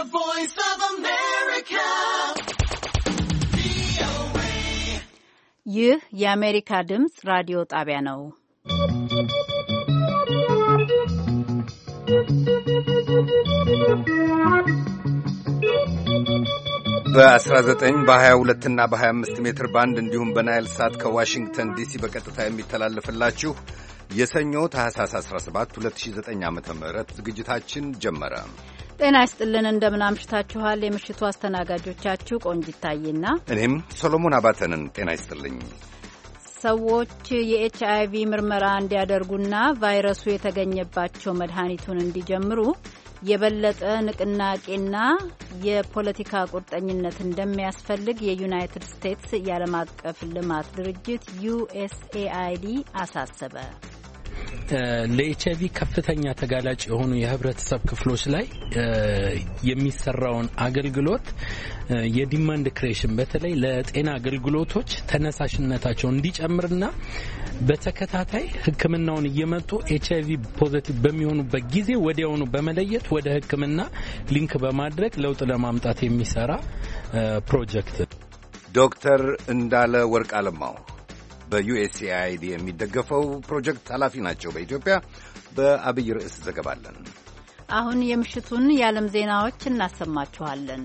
The Voice of America. ይህ የአሜሪካ ድምፅ ራዲዮ ጣቢያ ነው። በ19 በ22 እና በ25 ሜትር ባንድ እንዲሁም በናይል ሳት ከዋሽንግተን ዲሲ በቀጥታ የሚተላለፍላችሁ የሰኞ ታህሳስ 17 2009 ዓ ም ዝግጅታችን ጀመረ። ጤና ይስጥልን እንደምን አምሽታችኋል። የምሽቱ አስተናጋጆቻችሁ ቆንጂት ታዬና እኔም ሰሎሞን አባተንን። ጤና ይስጥልኝ። ሰዎች የኤች አይቪ ምርመራ እንዲያደርጉና ቫይረሱ የተገኘባቸው መድኃኒቱን እንዲጀምሩ የበለጠ ንቅናቄና የፖለቲካ ቁርጠኝነት እንደሚያስፈልግ የዩናይትድ ስቴትስ የዓለም አቀፍ ልማት ድርጅት ዩኤስኤአይዲ አሳሰበ። አይቪ ከፍተኛ ተጋላጭ የሆኑ የህብረተሰብ ክፍሎች ላይ የሚሰራውን አገልግሎት የዲማንድ ክሬሽን በተለይ ለጤና አገልግሎቶች ተነሳሽነታቸው እንዲጨምርና በተከታታይ ሕክምናውን እየመጡ አይቪ ፖዘቲቭ በሚሆኑበት ጊዜ ወዲያውኑ በመለየት ወደ ሕክምና ሊንክ በማድረግ ለውጥ ለማምጣት የሚሰራ ፕሮጀክት ዶክተር እንዳለ ወርቅ አለማው በዩኤስኤአይዲ የሚደገፈው ፕሮጀክት ኃላፊ ናቸው። በኢትዮጵያ በአብይ ርዕስ ዘገባለን። አሁን የምሽቱን የዓለም ዜናዎች እናሰማችኋለን።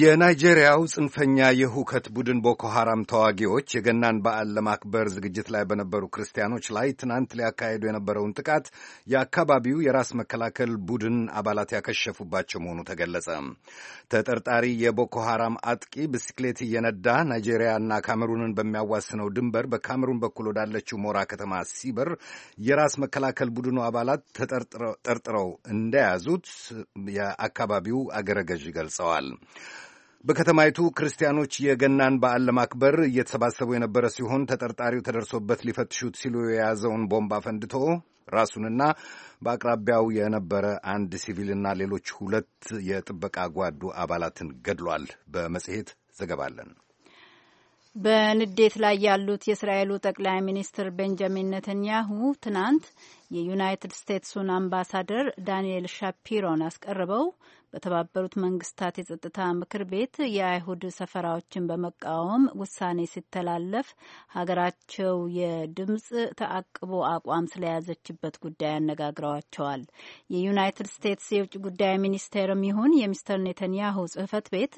የናይጄሪያው ጽንፈኛ የሁከት ቡድን ቦኮ ሐራም ተዋጊዎች የገናን በዓል ለማክበር ዝግጅት ላይ በነበሩ ክርስቲያኖች ላይ ትናንት ሊያካሄዱ የነበረውን ጥቃት የአካባቢው የራስ መከላከል ቡድን አባላት ያከሸፉባቸው መሆኑ ተገለጸ። ተጠርጣሪ የቦኮ ሐራም አጥቂ ብስክሌት እየነዳ ናይጄሪያና ካሜሩንን በሚያዋስነው ድንበር በካሜሩን በኩል ወዳለችው ሞራ ከተማ ሲበር የራስ መከላከል ቡድኑ አባላት ተጠርጥረው እንደያዙት የአካባቢው አገረ ገልጸዋል። በከተማይቱ ክርስቲያኖች የገናን በዓል ለማክበር እየተሰባሰቡ የነበረ ሲሆን ተጠርጣሪው ተደርሶበት ሊፈትሹት ሲሉ የያዘውን ቦምብ አፈንድቶ ራሱንና በአቅራቢያው የነበረ አንድ ሲቪልና ሌሎች ሁለት የጥበቃ ጓዱ አባላትን ገድሏል። በመጽሔት ዘገባለን። በንዴት ላይ ያሉት የእስራኤሉ ጠቅላይ ሚኒስትር ቤንጃሚን ነተንያሁ ትናንት የዩናይትድ ስቴትሱን አምባሳደር ዳንኤል ሻፒሮን አስቀርበው በተባበሩት መንግስታት የጸጥታ ምክር ቤት የአይሁድ ሰፈራዎችን በመቃወም ውሳኔ ሲተላለፍ ሀገራቸው የድምፅ ተአቅቦ አቋም ስለያዘችበት ጉዳይ አነጋግረዋቸዋል። የዩናይትድ ስቴትስ የውጭ ጉዳይ ሚኒስቴርም ይሁን የሚስተር ኔተንያሁ ጽህፈት ቤት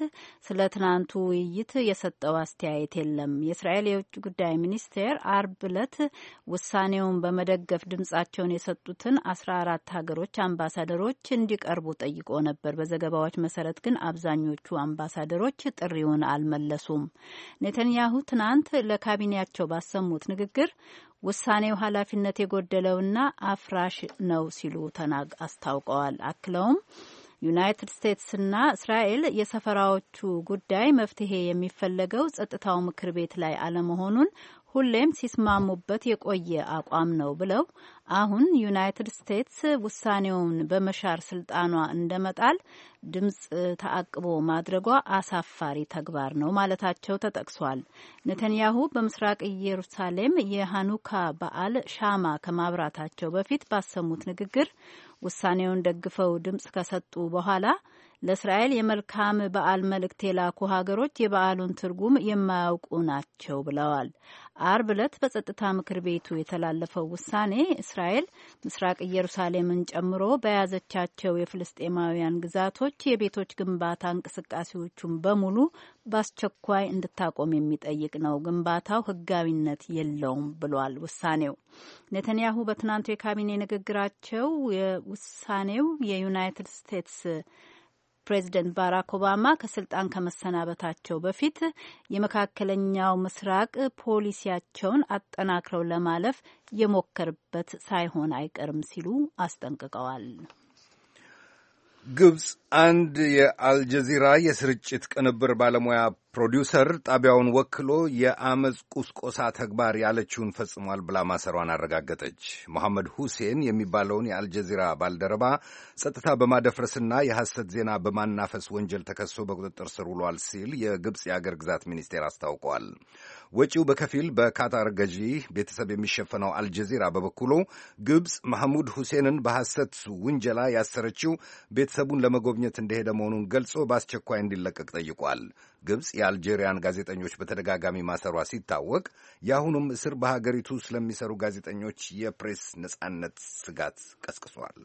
ስለ ትናንቱ ውይይት የሰጠው አስተያየት የለም። የእስራኤል የውጭ ጉዳይ ሚኒስቴር አርብ ዕለት ውሳኔውን በመደገፍ ድምጻቸውን የሰጡትን አስራ አራት ሀገሮች አምባሳደሮች እንዲቀርቡ ጠይቆ ነበር። ዘገባዎች መሰረት ግን አብዛኞቹ አምባሳደሮች ጥሪውን አልመለሱም። ኔተንያሁ ትናንት ለካቢኔያቸው ባሰሙት ንግግር ውሳኔው ኃላፊነት የጎደለውና አፍራሽ ነው ሲሉ ተናግ አስታውቀዋል። አክለውም ዩናይትድ ስቴትስና እስራኤል የሰፈራዎቹ ጉዳይ መፍትሄ የሚፈለገው ጸጥታው ምክር ቤት ላይ አለመሆኑን ሁሌም ሲስማሙበት የቆየ አቋም ነው ብለው አሁን ዩናይትድ ስቴትስ ውሳኔውን በመሻር ስልጣኗ እንደመጣል ድምፅ ተአቅቦ ማድረጓ አሳፋሪ ተግባር ነው ማለታቸው ተጠቅሷል። ነተንያሁ በምስራቅ ኢየሩሳሌም የሃኑካ በዓል ሻማ ከማብራታቸው በፊት ባሰሙት ንግግር ውሳኔውን ደግፈው ድምፅ ከሰጡ በኋላ ለእስራኤል የመልካም በዓል መልእክት የላኩ ሀገሮች የበዓሉን ትርጉም የማያውቁ ናቸው ብለዋል። አርብ ዕለት በጸጥታ ምክር ቤቱ የተላለፈው ውሳኔ እስራኤል ምስራቅ ኢየሩሳሌምን ጨምሮ በያዘቻቸው የፍልስጤማውያን ግዛቶች የቤቶች ግንባታ እንቅስቃሴዎቹን በሙሉ በአስቸኳይ እንድታቆም የሚጠይቅ ነው። ግንባታው ሕጋዊነት የለውም ብሏል ውሳኔው። ኔተንያሁ በትናንቱ የካቢኔ ንግግራቸው ውሳኔው የዩናይትድ ስቴትስ ፕሬዚደንት ባራክ ኦባማ ከስልጣን ከመሰናበታቸው በፊት የመካከለኛው ምስራቅ ፖሊሲያቸውን አጠናክረው ለማለፍ የሞከርበት ሳይሆን አይቀርም ሲሉ አስጠንቅቀዋል። ግብፅ አንድ የአልጀዚራ የስርጭት ቅንብር ባለሙያ ፕሮዲውሰር ጣቢያውን ወክሎ የአመፅ ቁስቆሳ ተግባር ያለችውን ፈጽሟል ብላ ማሰሯን አረጋገጠች። መሐመድ ሁሴን የሚባለውን የአልጀዚራ ባልደረባ ጸጥታ በማደፍረስና የሐሰት ዜና በማናፈስ ወንጀል ተከሶ በቁጥጥር ስር ውሏል ሲል የግብፅ የአገር ግዛት ሚኒስቴር አስታውቋል። ወጪው በከፊል በካታር ገዢ ቤተሰብ የሚሸፈነው አልጀዚራ በበኩሉ ግብፅ መሐሙድ ሁሴንን በሐሰት ውንጀላ ያሰረችው ቤተሰቡን ለመጎብኘት እንደሄደ መሆኑን ገልጾ በአስቸኳይ እንዲለቀቅ ጠይቋል። ግብፅ የአልጄሪያን ጋዜጠኞች በተደጋጋሚ ማሰሯ ሲታወቅ የአሁኑም እስር በሀገሪቱ ስለሚሰሩ ጋዜጠኞች የፕሬስ ነጻነት ስጋት ቀስቅሷል።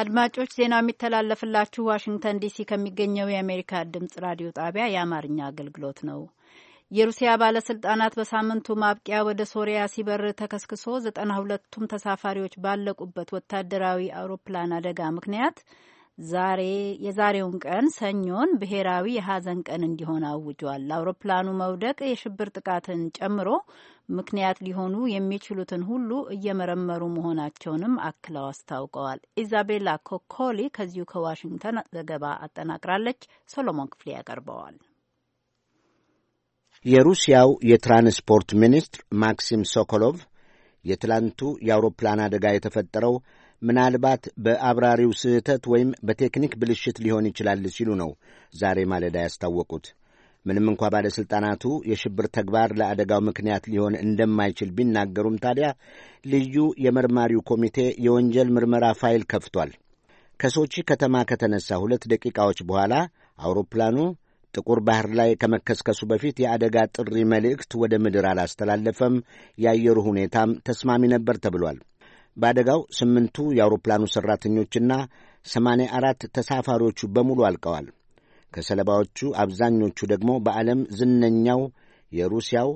አድማጮች ዜናው የሚተላለፍላችሁ ዋሽንግተን ዲሲ ከሚገኘው የአሜሪካ ድምጽ ራዲዮ ጣቢያ የአማርኛ አገልግሎት ነው። የሩሲያ ባለስልጣናት በሳምንቱ ማብቂያ ወደ ሶሪያ ሲበር ተከስክሶ ዘጠና ሁለቱም ተሳፋሪዎች ባለቁበት ወታደራዊ አውሮፕላን አደጋ ምክንያት ዛሬ የዛሬውን ቀን ሰኞን ብሔራዊ የሀዘን ቀን እንዲሆን አውጇል። ለአውሮፕላኑ መውደቅ የሽብር ጥቃትን ጨምሮ ምክንያት ሊሆኑ የሚችሉትን ሁሉ እየመረመሩ መሆናቸውንም አክለው አስታውቀዋል። ኢዛቤላ ኮኮሊ ከዚሁ ከዋሽንግተን ዘገባ አጠናቅራለች። ሶሎሞን ክፍሌ ያቀርበዋል። የሩሲያው የትራንስፖርት ሚኒስትር ማክሲም ሶኮሎቭ የትላንቱ የአውሮፕላን አደጋ የተፈጠረው ምናልባት በአብራሪው ስህተት ወይም በቴክኒክ ብልሽት ሊሆን ይችላል ሲሉ ነው ዛሬ ማለዳ ያስታወቁት። ምንም እንኳ ባለሥልጣናቱ የሽብር ተግባር ለአደጋው ምክንያት ሊሆን እንደማይችል ቢናገሩም ታዲያ ልዩ የመርማሪው ኮሚቴ የወንጀል ምርመራ ፋይል ከፍቷል። ከሶቺ ከተማ ከተነሳ ሁለት ደቂቃዎች በኋላ አውሮፕላኑ ጥቁር ባህር ላይ ከመከስከሱ በፊት የአደጋ ጥሪ መልእክት ወደ ምድር አላስተላለፈም። የአየሩ ሁኔታም ተስማሚ ነበር ተብሏል። በአደጋው ስምንቱ የአውሮፕላኑ ሠራተኞችና ሰማንያ አራት ተሳፋሪዎቹ በሙሉ አልቀዋል። ከሰለባዎቹ አብዛኞቹ ደግሞ በዓለም ዝነኛው የሩሲያው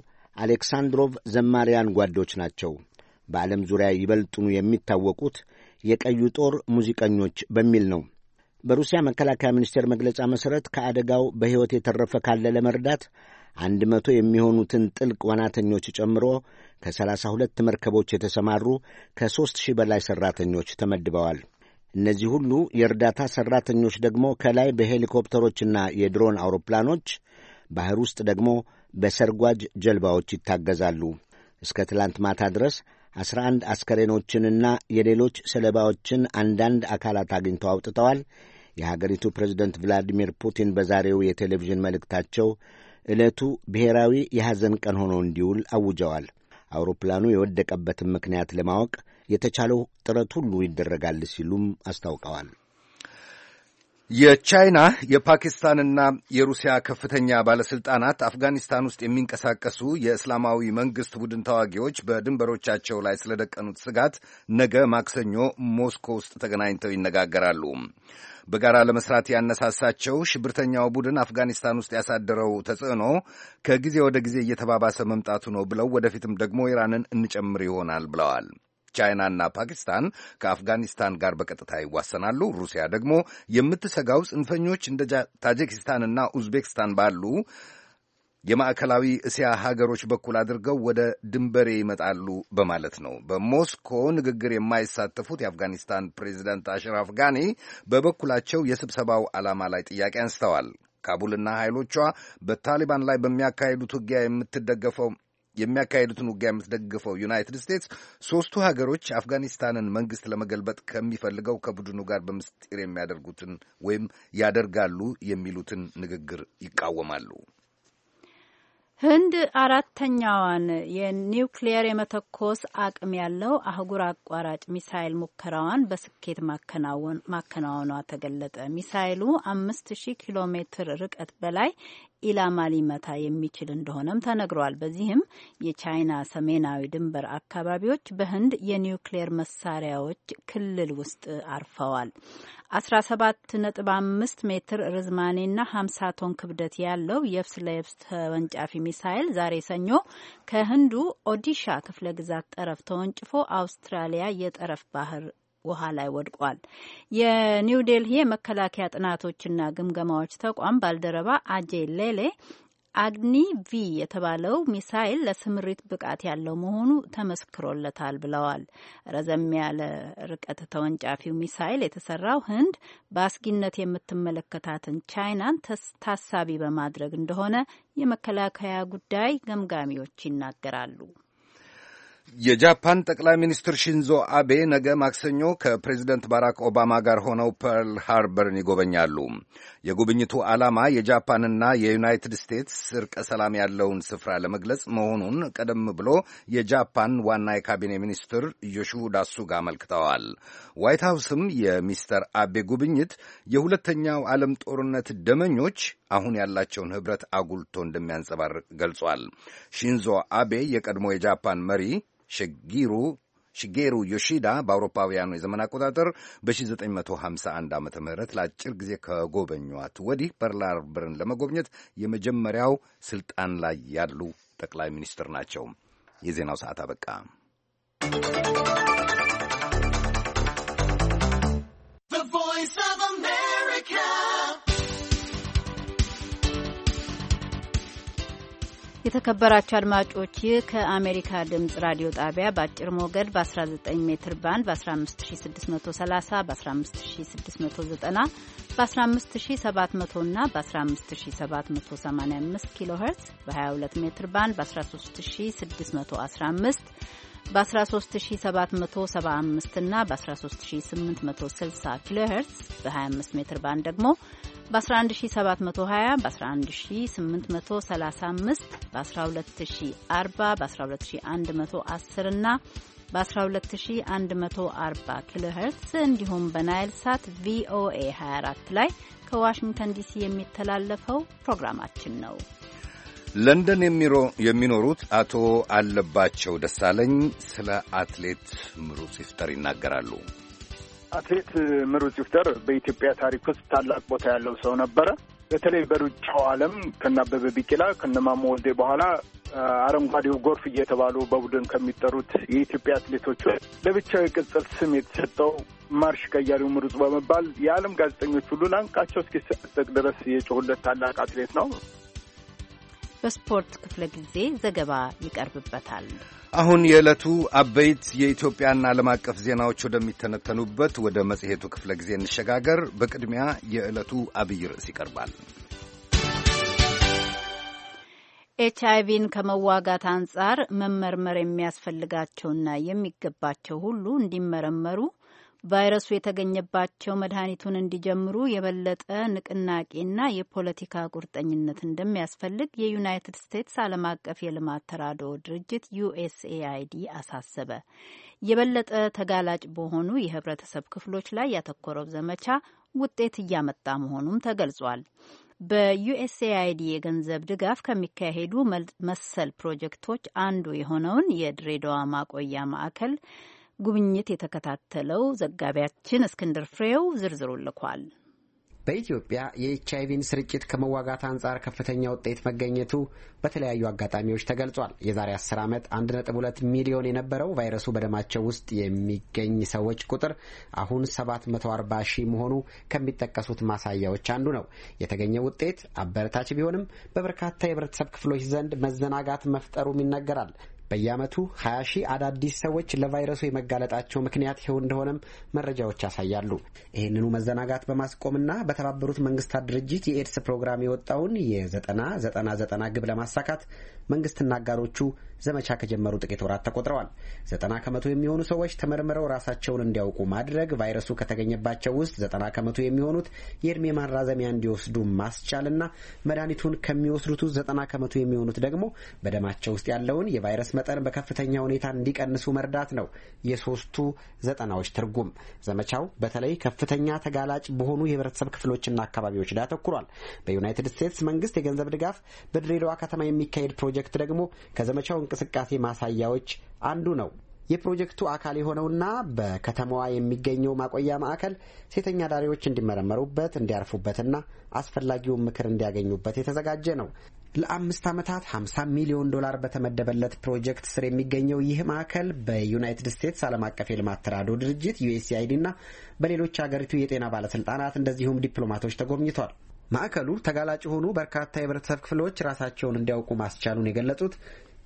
አሌክሳንድሮቭ ዘማሪያን ጓዶች ናቸው። በዓለም ዙሪያ ይበልጡኑ የሚታወቁት የቀዩ ጦር ሙዚቀኞች በሚል ነው። በሩሲያ መከላከያ ሚኒስቴር መግለጫ መሠረት ከአደጋው በሕይወት የተረፈ ካለ ለመርዳት አንድ መቶ የሚሆኑትን ጥልቅ ዋናተኞች ጨምሮ ከሰላሳ ሁለት መርከቦች የተሰማሩ ከሦስት ሺህ በላይ ሠራተኞች ተመድበዋል። እነዚህ ሁሉ የእርዳታ ሠራተኞች ደግሞ ከላይ በሄሊኮፕተሮችና የድሮን አውሮፕላኖች፣ ባሕር ውስጥ ደግሞ በሰርጓጅ ጀልባዎች ይታገዛሉ። እስከ ትላንት ማታ ድረስ አስራ አንድ አስከሬኖችንና የሌሎች ሰለባዎችን አንዳንድ አካላት አግኝተው አውጥተዋል። የሀገሪቱ ፕሬዝደንት ቭላዲሚር ፑቲን በዛሬው የቴሌቪዥን መልእክታቸው ዕለቱ ብሔራዊ የሐዘን ቀን ሆኖ እንዲውል አውጀዋል። አውሮፕላኑ የወደቀበትን ምክንያት ለማወቅ የተቻለው ጥረት ሁሉ ይደረጋል ሲሉም አስታውቀዋል። የቻይና የፓኪስታንና የሩሲያ ከፍተኛ ባለሥልጣናት አፍጋኒስታን ውስጥ የሚንቀሳቀሱ የእስላማዊ መንግሥት ቡድን ተዋጊዎች በድንበሮቻቸው ላይ ስለደቀኑት ስጋት ነገ ማክሰኞ ሞስኮ ውስጥ ተገናኝተው ይነጋገራሉ። በጋራ ለመስራት ያነሳሳቸው ሽብርተኛው ቡድን አፍጋኒስታን ውስጥ ያሳደረው ተጽዕኖ ከጊዜ ወደ ጊዜ እየተባባሰ መምጣቱ ነው ብለው ወደፊትም ደግሞ ኢራንን እንጨምር ይሆናል ብለዋል። ቻይናና ፓኪስታን ከአፍጋኒስታን ጋር በቀጥታ ይዋሰናሉ። ሩሲያ ደግሞ የምትሰጋው ጽንፈኞች እንደ ታጂኪስታንና ኡዝቤክስታን ባሉ የማዕከላዊ እስያ ሀገሮች በኩል አድርገው ወደ ድንበሬ ይመጣሉ በማለት ነው። በሞስኮ ንግግር የማይሳተፉት የአፍጋኒስታን ፕሬዚደንት አሽራፍ ጋኒ በበኩላቸው የስብሰባው ዓላማ ላይ ጥያቄ አንስተዋል። ካቡልና ኃይሎቿ በታሊባን ላይ በሚያካሄዱት ውጊያ የምትደገፈው የሚያካሄዱትን ውጊያ የምትደግፈው ዩናይትድ ስቴትስ ሶስቱ ሀገሮች አፍጋኒስታንን መንግስት ለመገልበጥ ከሚፈልገው ከቡድኑ ጋር በምስጢር የሚያደርጉትን ወይም ያደርጋሉ የሚሉትን ንግግር ይቃወማሉ። ህንድ አራተኛዋን የኒውክሊየር የመተኮስ አቅም ያለው አህጉር አቋራጭ ሚሳይል ሙከራዋን በስኬት ማከናወኗ ተገለጠ። ሚሳይሉ አምስት ሺህ ኪሎ ሜትር ርቀት በላይ ኢላማ ሊመታ የሚችል እንደሆነም ተነግሯል። በዚህም የቻይና ሰሜናዊ ድንበር አካባቢዎች በህንድ የኒውክሌር መሳሪያዎች ክልል ውስጥ አርፈዋል። 17.5 ሜትር ርዝማኔና 50 ቶን ክብደት ያለው የብስ ለየብስ ተወንጫፊ ሚሳይል ዛሬ ሰኞ ከህንዱ ኦዲሻ ክፍለ ግዛት ጠረፍ ተወንጭፎ አውስትራሊያ የጠረፍ ባህር ውሃ ላይ ወድቋል። የኒው ዴልሂ የመከላከያ ጥናቶችና ግምገማዎች ተቋም ባልደረባ አጄ ሌሌ አግኒ ቪ የተባለው ሚሳይል ለስምሪት ብቃት ያለው መሆኑ ተመስክሮለታል ብለዋል። ረዘም ያለ ርቀት ተወንጫፊው ሚሳይል የተሰራው ህንድ በአስጊነት የምትመለከታትን ቻይናን ታሳቢ በማድረግ እንደሆነ የመከላከያ ጉዳይ ገምጋሚዎች ይናገራሉ። የጃፓን ጠቅላይ ሚኒስትር ሺንዞ አቤ ነገ ማክሰኞ ከፕሬዚደንት ባራክ ኦባማ ጋር ሆነው ፐርል ሃርበርን ይጎበኛሉ። የጉብኝቱ ዓላማ የጃፓንና የዩናይትድ ስቴትስ እርቀ ሰላም ያለውን ስፍራ ለመግለጽ መሆኑን ቀደም ብሎ የጃፓን ዋና የካቢኔ ሚኒስትር ዮሺሂደ ሱጋ አመልክተዋል። ዋይት ሃውስም የሚስተር አቤ ጉብኝት የሁለተኛው ዓለም ጦርነት ደመኞች አሁን ያላቸውን ኅብረት አጉልቶ እንደሚያንጸባርቅ ገልጿል። ሺንዞ አቤ የቀድሞ የጃፓን መሪ ሽጊሩ ሽጌሩ ዮሺዳ በአውሮፓውያኑ የዘመን አቆጣጠር በ1951 ዓ ም ለአጭር ጊዜ ከጎበኟት ወዲህ ፐርል ሃርበርን ለመጎብኘት የመጀመሪያው ስልጣን ላይ ያሉ ጠቅላይ ሚኒስትር ናቸው። የዜናው ሰዓት አበቃ። የተከበራችሁ አድማጮች ይህ ከአሜሪካ ድምፅ ራዲዮ ጣቢያ በአጭር ሞገድ በ19 ሜትር ባንድ በ15630 በ15690 በ15700 እና በ15785 ኪሎ ሄርትስ በ22 ሜትር ባንድ በ13615 በ13775 እና በ13860 ኪሎ ሄርትስ በ25 ሜትር ባንድ ደግሞ በ11720 በ11835 በ12040 በ12110 እና በ12140 ኪሎ ሄርትስ እንዲሁም በናይል ሳት ቪኦኤ 24 ላይ ከዋሽንግተን ዲሲ የሚተላለፈው ፕሮግራማችን ነው። ለንደን የሚኖሩት አቶ አለባቸው ደሳለኝ ስለ አትሌት ምሩጽ ይፍጠር ይናገራሉ። አትሌት ምሩጽ ይፍጠር በኢትዮጵያ ታሪክ ውስጥ ታላቅ ቦታ ያለው ሰው ነበረ። በተለይ በሩጫው ዓለም ከናበበ ቢቂላ ከነማሞ ወልዴ በኋላ አረንጓዴው ጎርፍ እየተባሉ በቡድን ከሚጠሩት የኢትዮጵያ አትሌቶች ለብቻው የቅጽል ስም የተሰጠው ማርሽ ቀያሪው ምሩጽ በመባል የዓለም ጋዜጠኞች ሁሉ ናንቃቸው እስኪሰጠቅ ድረስ የጮሁለት ታላቅ አትሌት ነው። በስፖርት ክፍለ ጊዜ ዘገባ ይቀርብበታል። አሁን የዕለቱ አበይት የኢትዮጵያና ዓለም አቀፍ ዜናዎች ወደሚተነተኑበት ወደ መጽሔቱ ክፍለ ጊዜ እንሸጋገር። በቅድሚያ የዕለቱ አብይ ርዕስ ይቀርባል። ኤች አይቪን ከመዋጋት አንጻር መመርመር የሚያስፈልጋቸውና የሚገባቸው ሁሉ እንዲመረመሩ ቫይረሱ የተገኘባቸው መድኃኒቱን እንዲጀምሩ የበለጠ ንቅናቄና የፖለቲካ ቁርጠኝነት እንደሚያስፈልግ የዩናይትድ ስቴትስ ዓለም አቀፍ የልማት ተራድኦ ድርጅት ዩኤስኤአይዲ አሳሰበ። የበለጠ ተጋላጭ በሆኑ የህብረተሰብ ክፍሎች ላይ ያተኮረው ዘመቻ ውጤት እያመጣ መሆኑም ተገልጿል። በዩኤስኤአይዲ የገንዘብ ድጋፍ ከሚካሄዱ መሰል ፕሮጀክቶች አንዱ የሆነውን የድሬዳዋ ማቆያ ማዕከል ጉብኝት የተከታተለው ዘጋቢያችን እስክንድር ፍሬው ዝርዝሩ ልኳል። በኢትዮጵያ የኤች የኤችአይቪን ስርጭት ከመዋጋት አንጻር ከፍተኛ ውጤት መገኘቱ በተለያዩ አጋጣሚዎች ተገልጿል። የዛሬ 10 ዓመት 1.2 ሚሊዮን የነበረው ቫይረሱ በደማቸው ውስጥ የሚገኝ ሰዎች ቁጥር አሁን 740 ሺህ መሆኑ ከሚጠቀሱት ማሳያዎች አንዱ ነው። የተገኘው ውጤት አበረታች ቢሆንም በበርካታ የህብረተሰብ ክፍሎች ዘንድ መዘናጋት መፍጠሩም ይነገራል። በየዓመቱ 20 ሺህ አዳዲስ ሰዎች ለቫይረሱ የመጋለጣቸው ምክንያት ይኸው እንደሆነም መረጃዎች ያሳያሉ። ይህንኑ መዘናጋት በማስቆምና በተባበሩት መንግስታት ድርጅት የኤድስ ፕሮግራም የወጣውን የ90 90 90 ግብ ለማሳካት መንግስትና አጋሮቹ ዘመቻ ከጀመሩ ጥቂት ወራት ተቆጥረዋል። ዘጠና ከመቶ የሚሆኑ ሰዎች ተመርምረው ራሳቸውን እንዲያውቁ ማድረግ፣ ቫይረሱ ከተገኘባቸው ውስጥ ዘጠና ከመቶ የሚሆኑት የእድሜ ማራዘሚያ እንዲወስዱ ማስቻልና መድኃኒቱን ከሚወስዱት ዘጠና ከመቶ የሚሆኑት ደግሞ በደማቸው ውስጥ ያለውን የቫይረስ መጠን በከፍተኛ ሁኔታ እንዲቀንሱ መርዳት ነው የሶስቱ ዘጠናዎች ትርጉም። ዘመቻው በተለይ ከፍተኛ ተጋላጭ በሆኑ የህብረተሰብ ክፍሎችና አካባቢዎች ላይ አተኩሯል። በዩናይትድ ስቴትስ መንግስት የገንዘብ ድጋፍ በድሬዳዋ ከተማ የሚካሄድ ፕሮጀክት ፕሮጀክት ደግሞ ከዘመቻው እንቅስቃሴ ማሳያዎች አንዱ ነው። የፕሮጀክቱ አካል የሆነውና በከተማዋ የሚገኘው ማቆያ ማዕከል ሴተኛ ዳሪዎች እንዲመረመሩበት እንዲያርፉበትና አስፈላጊውን ምክር እንዲያገኙበት የተዘጋጀ ነው። ለአምስት ዓመታት 50 ሚሊዮን ዶላር በተመደበለት ፕሮጀክት ስር የሚገኘው ይህ ማዕከል በዩናይትድ ስቴትስ ዓለም አቀፍ የልማት ተራድኦ ድርጅት ዩኤስኤአይዲ እና በሌሎች አገሪቱ የጤና ባለስልጣናት እንደዚሁም ዲፕሎማቶች ተጎብኝቷል። ማዕከሉ ተጋላጭ የሆኑ በርካታ የህብረተሰብ ክፍሎች ራሳቸውን እንዲያውቁ ማስቻሉን የገለጹት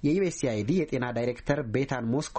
የዩኤስኤአይዲ የጤና ዳይሬክተር ቤታን ሞስኮ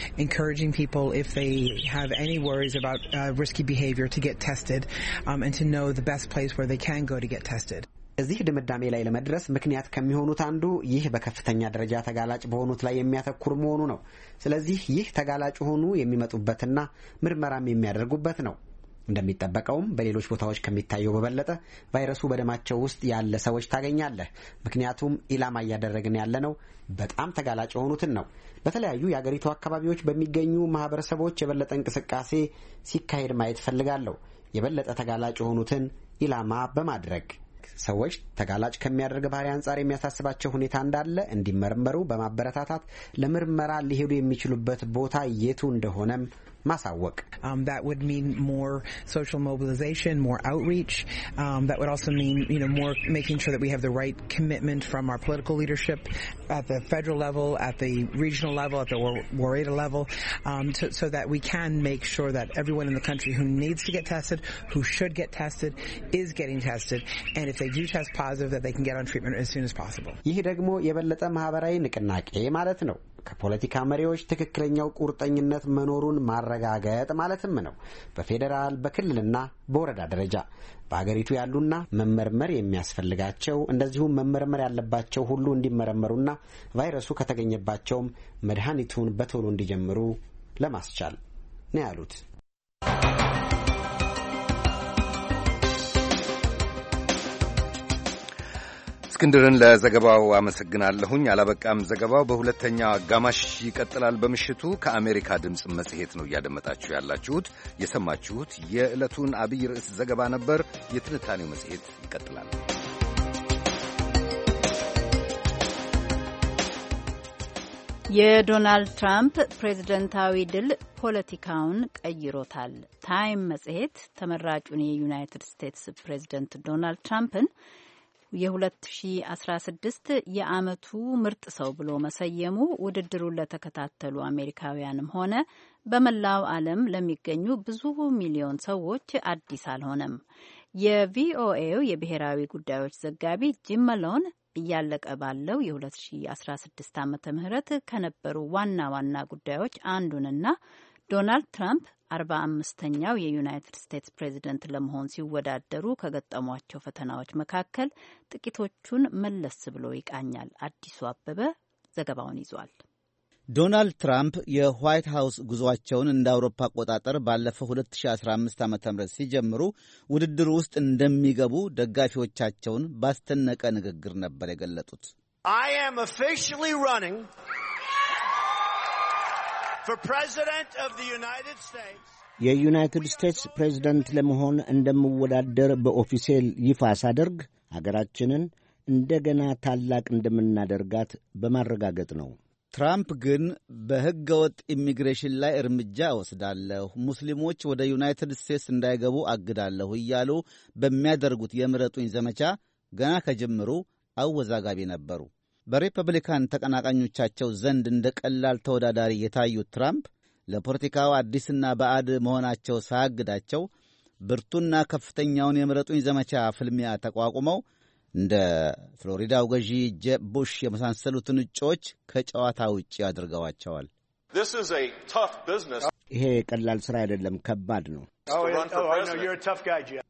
encouraging people if they have any worries about uh, risky behavior to get tested um, and to know the best place where they can go to get tested. እዚህ ድምዳሜ ላይ ለመድረስ ምክንያት ከሚሆኑት አንዱ ይህ በከፍተኛ ደረጃ ተጋላጭ በሆኑት ላይ የሚያተኩር መሆኑ ነው። ስለዚህ ይህ ተጋላጭ ሆኑ የሚመጡበትና ምርመራም የሚያደርጉበት ነው። እንደሚጠበቀውም በሌሎች ቦታዎች ከሚታየው በበለጠ ቫይረሱ በደማቸው ውስጥ ያለ ሰዎች ታገኛለህ። ምክንያቱም ኢላማ እያደረግን ያለነው በጣም ተጋላጭ የሆኑትን ነው። በተለያዩ የአገሪቱ አካባቢዎች በሚገኙ ማህበረሰቦች የበለጠ እንቅስቃሴ ሲካሄድ ማየት ፈልጋለሁ። የበለጠ ተጋላጭ የሆኑትን ኢላማ በማድረግ ሰዎች ተጋላጭ ከሚያደርግ ባህሪ አንጻር የሚያሳስባቸው ሁኔታ እንዳለ እንዲመረመሩ በማበረታታት ለምርመራ ሊሄዱ የሚችሉበት ቦታ የቱ እንደሆነም ማሳወቅ um, that would mean more social mobilization, more outreach. Um, that would also mean, you know, more making sure that we have the right commitment from our political leadership at the federal level, at the regional level, at the Wareda level, um, to, so that we can make sure that everyone in the country who needs to get tested, who should get tested, is getting tested, and if they do test positive, that they can get on treatment as soon as possible. ከፖለቲካ መሪዎች ትክክለኛው ቁርጠኝነት መኖሩን ማረጋገጥ ማለትም ነው። በፌዴራል በክልልና በወረዳ ደረጃ በሀገሪቱ ያሉና መመርመር የሚያስፈልጋቸው እንደዚሁም መመርመር ያለባቸው ሁሉ እንዲመረመሩና ቫይረሱ ከተገኘባቸውም መድኃኒቱን በቶሎ እንዲጀምሩ ለማስቻል ነው ያሉት እስክንድርን ለዘገባው አመሰግናለሁኝ። አላበቃም ዘገባው በሁለተኛው አጋማሽ ይቀጥላል። በምሽቱ ከአሜሪካ ድምፅ መጽሔት ነው እያደመጣችሁ ያላችሁት። የሰማችሁት የዕለቱን አብይ ርዕስ ዘገባ ነበር። የትንታኔው መጽሔት ይቀጥላል። የዶናልድ ትራምፕ ፕሬዝደንታዊ ድል ፖለቲካውን ቀይሮታል። ታይም መጽሔት ተመራጩን የዩናይትድ ስቴትስ ፕሬዝደንት ዶናልድ ትራምፕን የ2016 የአመቱ ምርጥ ሰው ብሎ መሰየሙ ውድድሩን ለተከታተሉ አሜሪካውያንም ሆነ በመላው ዓለም ለሚገኙ ብዙ ሚሊዮን ሰዎች አዲስ አልሆነም። የቪኦኤው የብሔራዊ ጉዳዮች ዘጋቢ ጂም መሎን እያለቀ ባለው የ2016 ዓመተ ምህረት ከነበሩ ዋና ዋና ጉዳዮች አንዱንና ዶናልድ ትራምፕ አርባ አምስተኛው የዩናይትድ ስቴትስ ፕሬዚደንት ለመሆን ሲወዳደሩ ከገጠሟቸው ፈተናዎች መካከል ጥቂቶቹን መለስ ብሎ ይቃኛል። አዲሱ አበበ ዘገባውን ይዟል። ዶናልድ ትራምፕ የዋይት ሃውስ ጉዟቸውን እንደ አውሮፓ አቆጣጠር ባለፈው 2015 ዓ ም ሲጀምሩ ውድድሩ ውስጥ እንደሚገቡ ደጋፊዎቻቸውን ባስተነቀ ንግግር ነበር የገለጡት። የዩናይትድ ስቴትስ ፕሬዝደንት ለመሆን እንደምወዳደር በኦፊሴል ይፋ ሳደርግ አገራችንን እንደገና ታላቅ እንደምናደርጋት በማረጋገጥ ነው። ትራምፕ ግን በሕገ ወጥ ኢሚግሬሽን ላይ እርምጃ እወስዳለሁ፣ ሙስሊሞች ወደ ዩናይትድ ስቴትስ እንዳይገቡ አግዳለሁ እያሉ በሚያደርጉት የምረጡኝ ዘመቻ ገና ከጅምሩ አወዛጋቢ ነበሩ። በሪፐብሊካን ተቀናቃኞቻቸው ዘንድ እንደ ቀላል ተወዳዳሪ የታዩት ትራምፕ ለፖለቲካው አዲስና በአድ መሆናቸው ሳያግዳቸው ብርቱና ከፍተኛውን የምረጡኝ ዘመቻ ፍልሚያ ተቋቁመው እንደ ፍሎሪዳው ገዢ ጄብ ቡሽ የመሳሰሉትን እጩዎች ከጨዋታ ውጭ አድርገዋቸዋል። ይሄ ቀላል ሥራ አይደለም፣ ከባድ ነው። oh, oh,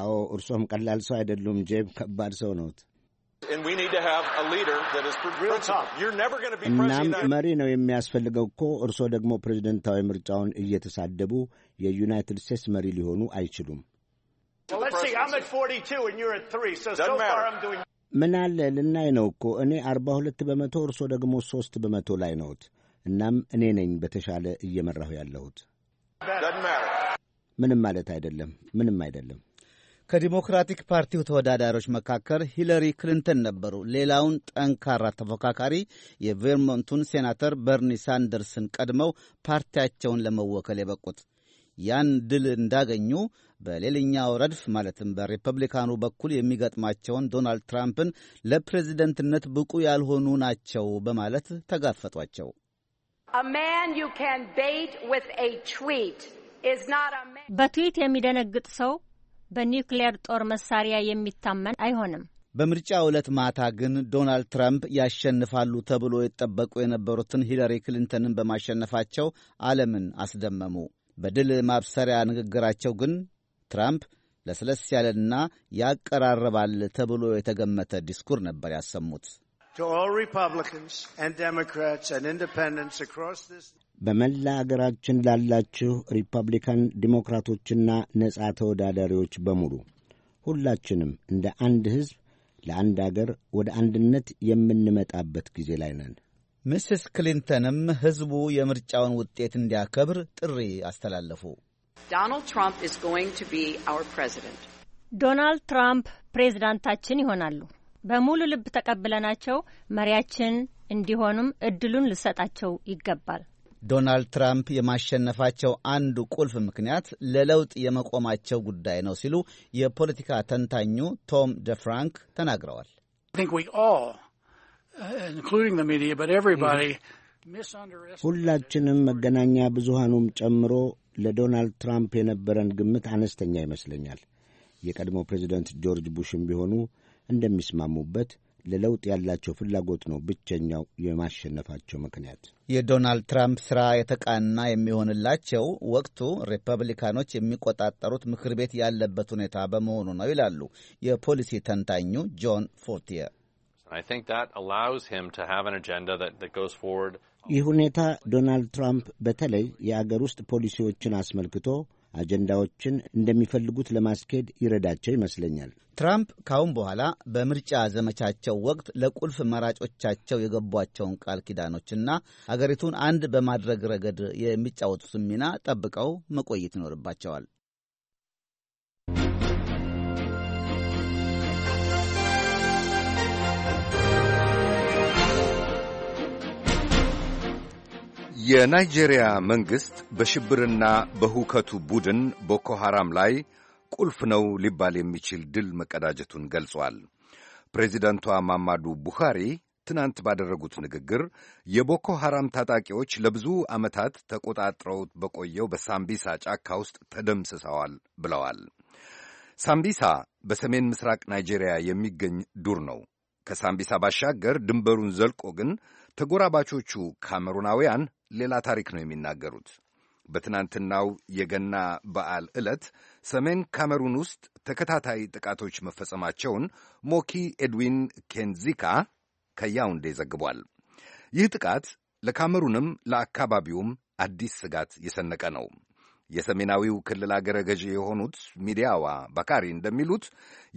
አዎ እርሶም ቀላል ሰው አይደሉም ጄብ፣ ከባድ ሰው ነዎት። እናም መሪ ነው የሚያስፈልገው እኮ። እርስዎ ደግሞ ፕሬዚደንታዊ ምርጫውን እየተሳደቡ የዩናይትድ ስቴትስ መሪ ሊሆኑ አይችሉም። ምናለ ልናይ ነው እኮ እኔ አርባ ሁለት በመቶ እርስዎ ደግሞ ሦስት በመቶ ላይ ነዎት። እናም እኔ ነኝ በተሻለ እየመራሁ ያለሁት። ምንም ማለት አይደለም፣ ምንም አይደለም። ከዲሞክራቲክ ፓርቲው ተወዳዳሪዎች መካከል ሂለሪ ክሊንተን ነበሩ። ሌላውን ጠንካራ ተፎካካሪ የቬርሞንቱን ሴናተር በርኒ ሳንደርስን ቀድመው ፓርቲያቸውን ለመወከል የበቁት ያን ድል እንዳገኙ በሌላኛው ረድፍ ማለትም በሪፐብሊካኑ በኩል የሚገጥማቸውን ዶናልድ ትራምፕን ለፕሬዚደንትነት ብቁ ያልሆኑ ናቸው በማለት ተጋፈጧቸው። በትዊት የሚደነግጥ ሰው በኒውክሌር ጦር መሳሪያ የሚታመን አይሆንም። በምርጫ ዕለት ማታ ግን ዶናልድ ትራምፕ ያሸንፋሉ ተብሎ የጠበቁ የነበሩትን ሂለሪ ክሊንተንን በማሸነፋቸው ዓለምን አስደመሙ። በድል ማብሰሪያ ንግግራቸው ግን ትራምፕ ለስለስ ያለና ያቀራረባል ተብሎ የተገመተ ዲስኩር ነበር ያሰሙት። በመላ አገራችን ላላችሁ ሪፐብሊካን ዲሞክራቶችና ነጻ ተወዳዳሪዎች በሙሉ ሁላችንም እንደ አንድ ሕዝብ ለአንድ አገር ወደ አንድነት የምንመጣበት ጊዜ ላይ ነን። ምስስ ክሊንተንም ሕዝቡ የምርጫውን ውጤት እንዲያከብር ጥሪ አስተላለፉ። ዶናልድ ትራምፕ ፕሬዝዳንታችን ይሆናሉ። በሙሉ ልብ ተቀብለናቸው መሪያችን እንዲሆኑም እድሉን ልሰጣቸው ይገባል። ዶናልድ ትራምፕ የማሸነፋቸው አንዱ ቁልፍ ምክንያት ለለውጥ የመቆማቸው ጉዳይ ነው ሲሉ የፖለቲካ ተንታኙ ቶም ደፍራንክ ተናግረዋል። ሁላችንም መገናኛ ብዙሃኑም ጨምሮ ለዶናልድ ትራምፕ የነበረን ግምት አነስተኛ ይመስለኛል። የቀድሞ ፕሬዚደንት ጆርጅ ቡሽም ቢሆኑ እንደሚስማሙበት ለለውጥ ያላቸው ፍላጎት ነው ብቸኛው የማሸነፋቸው ምክንያት። የዶናልድ ትራምፕ ስራ የተቃና የሚሆንላቸው ወቅቱ ሪፐብሊካኖች የሚቆጣጠሩት ምክር ቤት ያለበት ሁኔታ በመሆኑ ነው ይላሉ የፖሊሲ ተንታኙ ጆን ፎርቲየር። ይህ ሁኔታ ዶናልድ ትራምፕ በተለይ የአገር ውስጥ ፖሊሲዎችን አስመልክቶ አጀንዳዎችን እንደሚፈልጉት ለማስኬድ ይረዳቸው ይመስለኛል። ትራምፕ ካሁን በኋላ በምርጫ ዘመቻቸው ወቅት ለቁልፍ መራጮቻቸው የገቧቸውን ቃል ኪዳኖችና አገሪቱን አንድ በማድረግ ረገድ የሚጫወቱትን ሚና ጠብቀው መቆየት ይኖርባቸዋል። የናይጄሪያ መንግሥት በሽብርና በሁከቱ ቡድን ቦኮ ሐራም ላይ ቁልፍ ነው ሊባል የሚችል ድል መቀዳጀቱን ገልጿል። ፕሬዚደንቷ ማማዱ ቡኻሪ ትናንት ባደረጉት ንግግር የቦኮ ሐራም ታጣቂዎች ለብዙ ዓመታት ተቆጣጥረውት በቆየው በሳምቢሳ ጫካ ውስጥ ተደምስሰዋል ብለዋል። ሳምቢሳ በሰሜን ምስራቅ ናይጄሪያ የሚገኝ ዱር ነው። ከሳምቢሳ ባሻገር ድንበሩን ዘልቆ ግን ተጎራባቾቹ ካሜሩናውያን ሌላ ታሪክ ነው የሚናገሩት። በትናንትናው የገና በዓል ዕለት ሰሜን ካሜሩን ውስጥ ተከታታይ ጥቃቶች መፈጸማቸውን ሞኪ ኤድዊን ኬንዚካ ከያውንዴ ዘግቧል። ይህ ጥቃት ለካሜሩንም ለአካባቢውም አዲስ ስጋት የሰነቀ ነው። የሰሜናዊው ክልል አገረ ገዢ የሆኑት ሚዲያዋ ባካሪ እንደሚሉት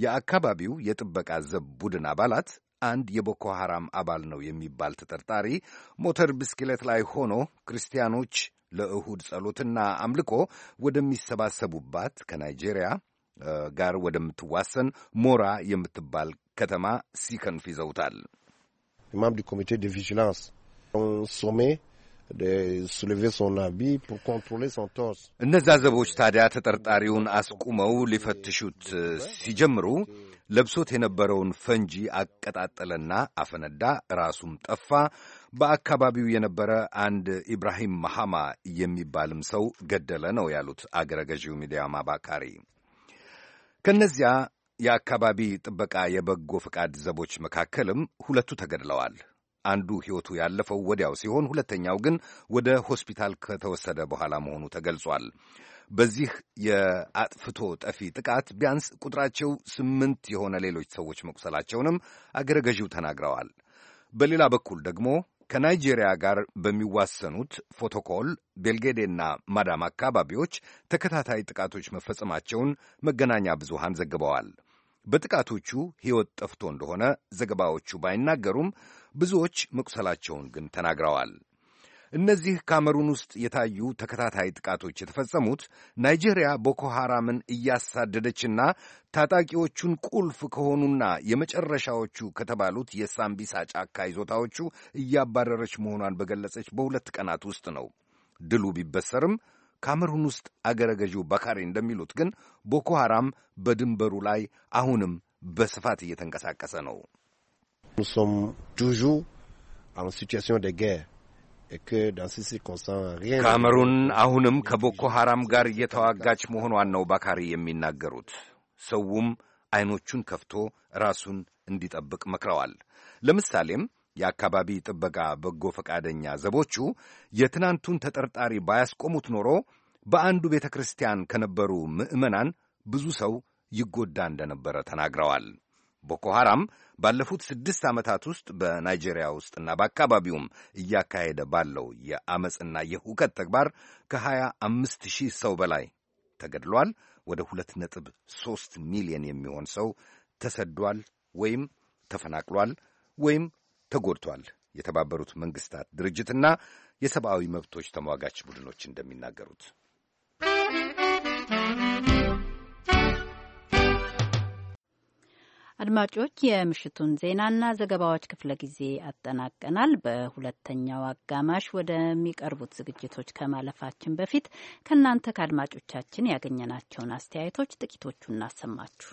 የአካባቢው የጥበቃ ዘብ ቡድን አባላት አንድ የቦኮ ሐራም አባል ነው የሚባል ተጠርጣሪ ሞተር ብስክሌት ላይ ሆኖ ክርስቲያኖች ለእሁድ ጸሎትና አምልኮ ወደሚሰባሰቡባት ከናይጄሪያ ጋር ወደምትዋሰን ሞራ የምትባል ከተማ ሲከንፍ ይዘውታል። ኢማም ዲ ኮሚቴ ቪጂላንስ ሶሜ እነዛ ዘቦች ታዲያ ተጠርጣሪውን አስቁመው ሊፈትሹት ሲጀምሩ ለብሶት የነበረውን ፈንጂ አቀጣጠለና አፈነዳ። ራሱም ጠፋ። በአካባቢው የነበረ አንድ ኢብራሂም መሐማ የሚባልም ሰው ገደለ ነው ያሉት አገረ ገዢው ሚዲያ ማባካሪ። ከእነዚያ የአካባቢ ጥበቃ የበጎ ፈቃድ ዘቦች መካከልም ሁለቱ ተገድለዋል። አንዱ ሕይወቱ ያለፈው ወዲያው ሲሆን ሁለተኛው ግን ወደ ሆስፒታል ከተወሰደ በኋላ መሆኑ ተገልጿል። በዚህ የአጥፍቶ ጠፊ ጥቃት ቢያንስ ቁጥራቸው ስምንት የሆነ ሌሎች ሰዎች መቁሰላቸውንም አገረ ገዢው ተናግረዋል። በሌላ በኩል ደግሞ ከናይጄሪያ ጋር በሚዋሰኑት ፎቶኮል፣ ቤልጌዴና ማዳም አካባቢዎች ተከታታይ ጥቃቶች መፈጸማቸውን መገናኛ ብዙሃን ዘግበዋል። በጥቃቶቹ ሕይወት ጠፍቶ እንደሆነ ዘገባዎቹ ባይናገሩም ብዙዎች መቁሰላቸውን ግን ተናግረዋል። እነዚህ ካሜሩን ውስጥ የታዩ ተከታታይ ጥቃቶች የተፈጸሙት ናይጄሪያ ቦኮ ሐራምን እያሳደደችና ታጣቂዎቹን ቁልፍ ከሆኑና የመጨረሻዎቹ ከተባሉት የሳምቢሳ ጫካ ይዞታዎቹ እያባረረች መሆኗን በገለጸች በሁለት ቀናት ውስጥ ነው። ድሉ ቢበሰርም ካሜሩን ውስጥ አገረ ገዢው ባካሬ እንደሚሉት ግን ቦኮ ሐራም በድንበሩ ላይ አሁንም በስፋት እየተንቀሳቀሰ ነው። Nous sommes toujours en situation de guerre. ካሜሩን አሁንም ከቦኮ ሐራም ጋር እየተዋጋች መሆኗን ነው ባካሪ የሚናገሩት። ሰውም አይኖቹን ከፍቶ ራሱን እንዲጠብቅ መክረዋል። ለምሳሌም የአካባቢ ጥበቃ በጎ ፈቃደኛ ዘቦቹ የትናንቱን ተጠርጣሪ ባያስቆሙት ኖሮ በአንዱ ቤተ ክርስቲያን ከነበሩ ምዕመናን ብዙ ሰው ይጎዳ እንደነበረ ተናግረዋል። ቦኮ ሐራም ባለፉት ስድስት ዓመታት ውስጥ በናይጄሪያ ውስጥና በአካባቢውም እያካሄደ ባለው የአመፅና የሁከት ተግባር ከ አምስት ሺህ ሰው በላይ ተገድሏል። ወደ ሁለት ነጥብ ሦስት ሚሊዮን የሚሆን ሰው ተሰዷል ወይም ተፈናቅሏል ወይም ተጎድቷል። የተባበሩት መንግስታት ድርጅትና የሰብአዊ መብቶች ተሟጋች ቡድኖች እንደሚናገሩት አድማጮች የምሽቱን ዜናና ዘገባዎች ክፍለ ጊዜ አጠናቀናል። በሁለተኛው አጋማሽ ወደሚቀርቡት ዝግጅቶች ከማለፋችን በፊት ከእናንተ ከአድማጮቻችን ያገኘናቸውን አስተያየቶች ጥቂቶቹ እናሰማችሁ።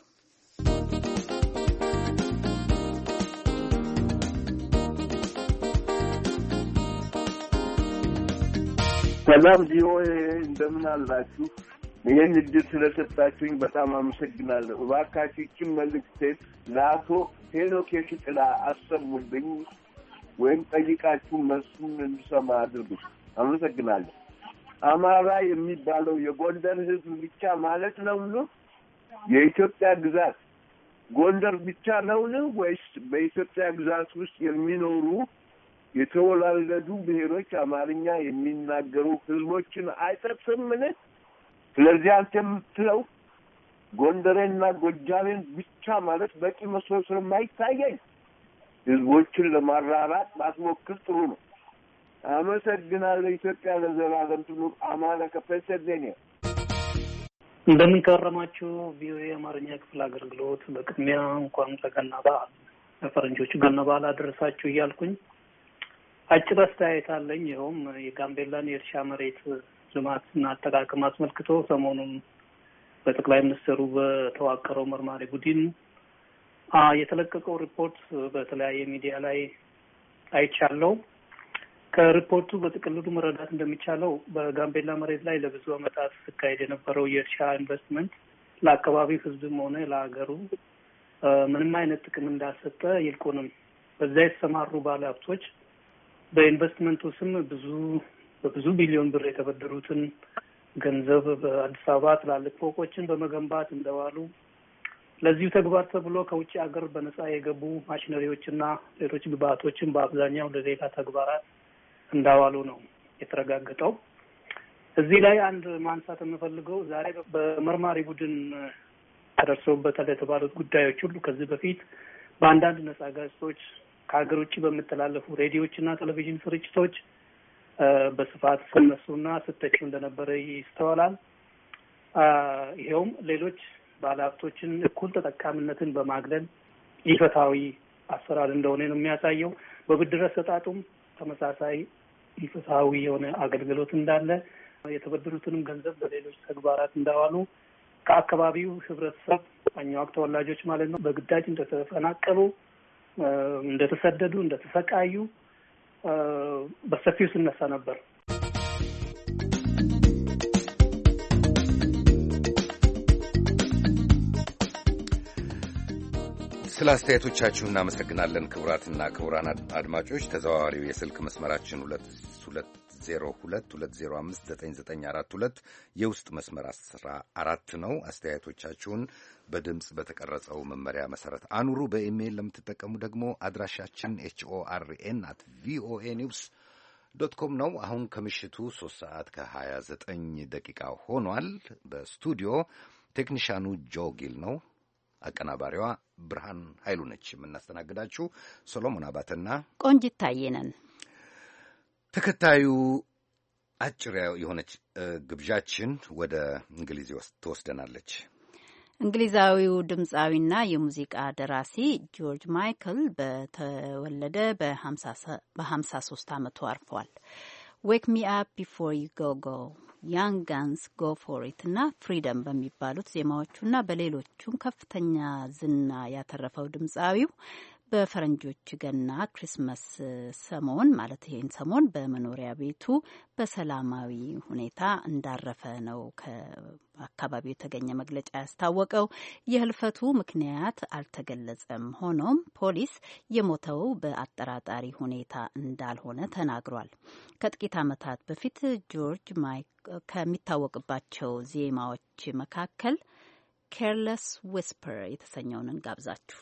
ሰላም ቪኦኤ እንደምን አላችሁ? ይህን እድል ስለሰጣችሁኝ በጣም አመሰግናለሁ። እባካችሁ ይህችን መልዕክቴን ለአቶ ሄኖክ ሽጥላ አሰሙልኝ ወይም ጠይቃችሁ መልሱን እንድሰማ አድርጉ። አመሰግናለሁ። አማራ የሚባለው የጎንደር ህዝብ ብቻ ማለት ነው? የኢትዮጵያ ግዛት ጎንደር ብቻ ነውን? ወይስ በኢትዮጵያ ግዛት ውስጥ የሚኖሩ የተወላለዱ ብሔሮች አማርኛ የሚናገሩ ህዝቦችን አይጠቅስምን? ስለዚህ አንተ የምትለው ጎንደሬንና ጎጃሜን ብቻ ማለት በቂ መስሎ ስለማይታየኝ ህዝቦችን ለማራራት ማስሞክር ጥሩ ነው። አመሰግናለሁ። ኢትዮጵያ ለዘላለም ትኑር። አማረ ከፔንስልቬኒያ እንደምን ከረማችሁ? ቪኦኤ የአማርኛ ክፍል አገልግሎት፣ በቅድሚያ እንኳን ለገና በዓል ለፈረንጆቹ ገና በዓል አደረሳችሁ እያልኩኝ አጭር አስተያየት አለኝ። ይኸውም የጋምቤላን የእርሻ መሬት ልማትና አጠቃቀም አስመልክቶ ሰሞኑን በጠቅላይ ሚኒስትሩ በተዋቀረው መርማሪ ቡድን የተለቀቀው ሪፖርት በተለያየ ሚዲያ ላይ አይቻለው። ከሪፖርቱ በጥቅልሉ መረዳት እንደሚቻለው በጋምቤላ መሬት ላይ ለብዙ ዓመታት ሲካሄድ የነበረው የእርሻ ኢንቨስትመንት ለአካባቢው ሕዝብም ሆነ ለሀገሩ ምንም አይነት ጥቅም እንዳልሰጠ ይልቁንም በዛ የተሰማሩ ባለ ሀብቶች በኢንቨስትመንቱ ስም ብዙ በብዙ ሚሊዮን ብር የተበደሩትን ገንዘብ በአዲስ አበባ ትላልቅ ፎቆችን በመገንባት እንደዋሉ ለዚሁ ተግባር ተብሎ ከውጭ ሀገር በነጻ የገቡ ማሽነሪዎችና ሌሎች ግብአቶችን በአብዛኛው ለሌላ ተግባራት እንዳዋሉ ነው የተረጋገጠው። እዚህ ላይ አንድ ማንሳት የምፈልገው ዛሬ በመርማሪ ቡድን ተደርሰውበታል የተባሉት ጉዳዮች ሁሉ ከዚህ በፊት በአንዳንድ ነጻ ጋዜጦች ከሀገር ውጭ በሚተላለፉ ሬዲዮች ቴሌቪዥን ስርጭቶች በስፋት ስነሱና ስተቹ እንደነበረ ይስተዋላል። ይኸውም ሌሎች ባለሀብቶችን እኩል ተጠቃሚነትን በማግለል ኢፍትሐዊ አሰራር እንደሆነ ነው የሚያሳየው። በብድር አሰጣጡም ተመሳሳይ ኢፍትሐዊ የሆነ አገልግሎት እንዳለ፣ የተበደሩትንም ገንዘብ በሌሎች ተግባራት እንዳዋሉ፣ ከአካባቢው ህብረተሰብ አኝዋክ ተወላጆች ማለት ነው በግዳጅ እንደተፈናቀሉ፣ እንደተሰደዱ፣ እንደተሰቃዩ በሰፊው ስነሳ ነበር። ስለ አስተያየቶቻችሁ እናመሰግናለን። ክቡራትና ክቡራን አድማጮች ተዘዋዋሪው የስልክ መስመራችን 2022059942 የውስጥ መስመር 14 ነው። አስተያየቶቻችሁን በድምፅ በተቀረጸው መመሪያ መሰረት አኑሩ። በኢሜይል ለምትጠቀሙ ደግሞ አድራሻችን ኤችኦአርኤን አት ቪኦኤ ኒውስ ዶት ኮም ነው። አሁን ከምሽቱ 3 ሰዓት ከ29 ደቂቃ ሆኗል። በስቱዲዮ ቴክኒሻኑ ጆ ጊል ነው። አቀናባሪዋ ብርሃን ኃይሉ ነች። የምናስተናግዳችሁ ሶሎሞን አባተና ቆንጂት ታዬ ነን። ተከታዩ አጭር የሆነች ግብዣችን ወደ እንግሊዝ ትወስደናለች። እንግሊዛዊው ድምፃዊና የሙዚቃ ደራሲ ጆርጅ ማይክል በተወለደ በ53 ዓመቱ አርፏል። ዌክ ሚ አፕ ቢፎር ዩ ጎ ጎ ያንግ ጋንስ ጎ ፎር ኢት እና ፍሪደም በሚባሉት ዜማዎቹና በሌሎቹም ከፍተኛ ዝና ያተረፈው ድምፃዊው በፈረንጆች ገና ክሪስመስ ሰሞን ማለት ይሄን ሰሞን በመኖሪያ ቤቱ በሰላማዊ ሁኔታ እንዳረፈ ነው ከአካባቢው የተገኘ መግለጫ ያስታወቀው። የህልፈቱ ምክንያት አልተገለጸም። ሆኖም ፖሊስ የሞተው በአጠራጣሪ ሁኔታ እንዳልሆነ ተናግሯል። ከጥቂት ዓመታት በፊት ጆርጅ ማይ ከሚታወቅባቸው ዜማዎች መካከል ኬርለስ ዊስፐር የተሰኘውን እንጋብዛችሁ።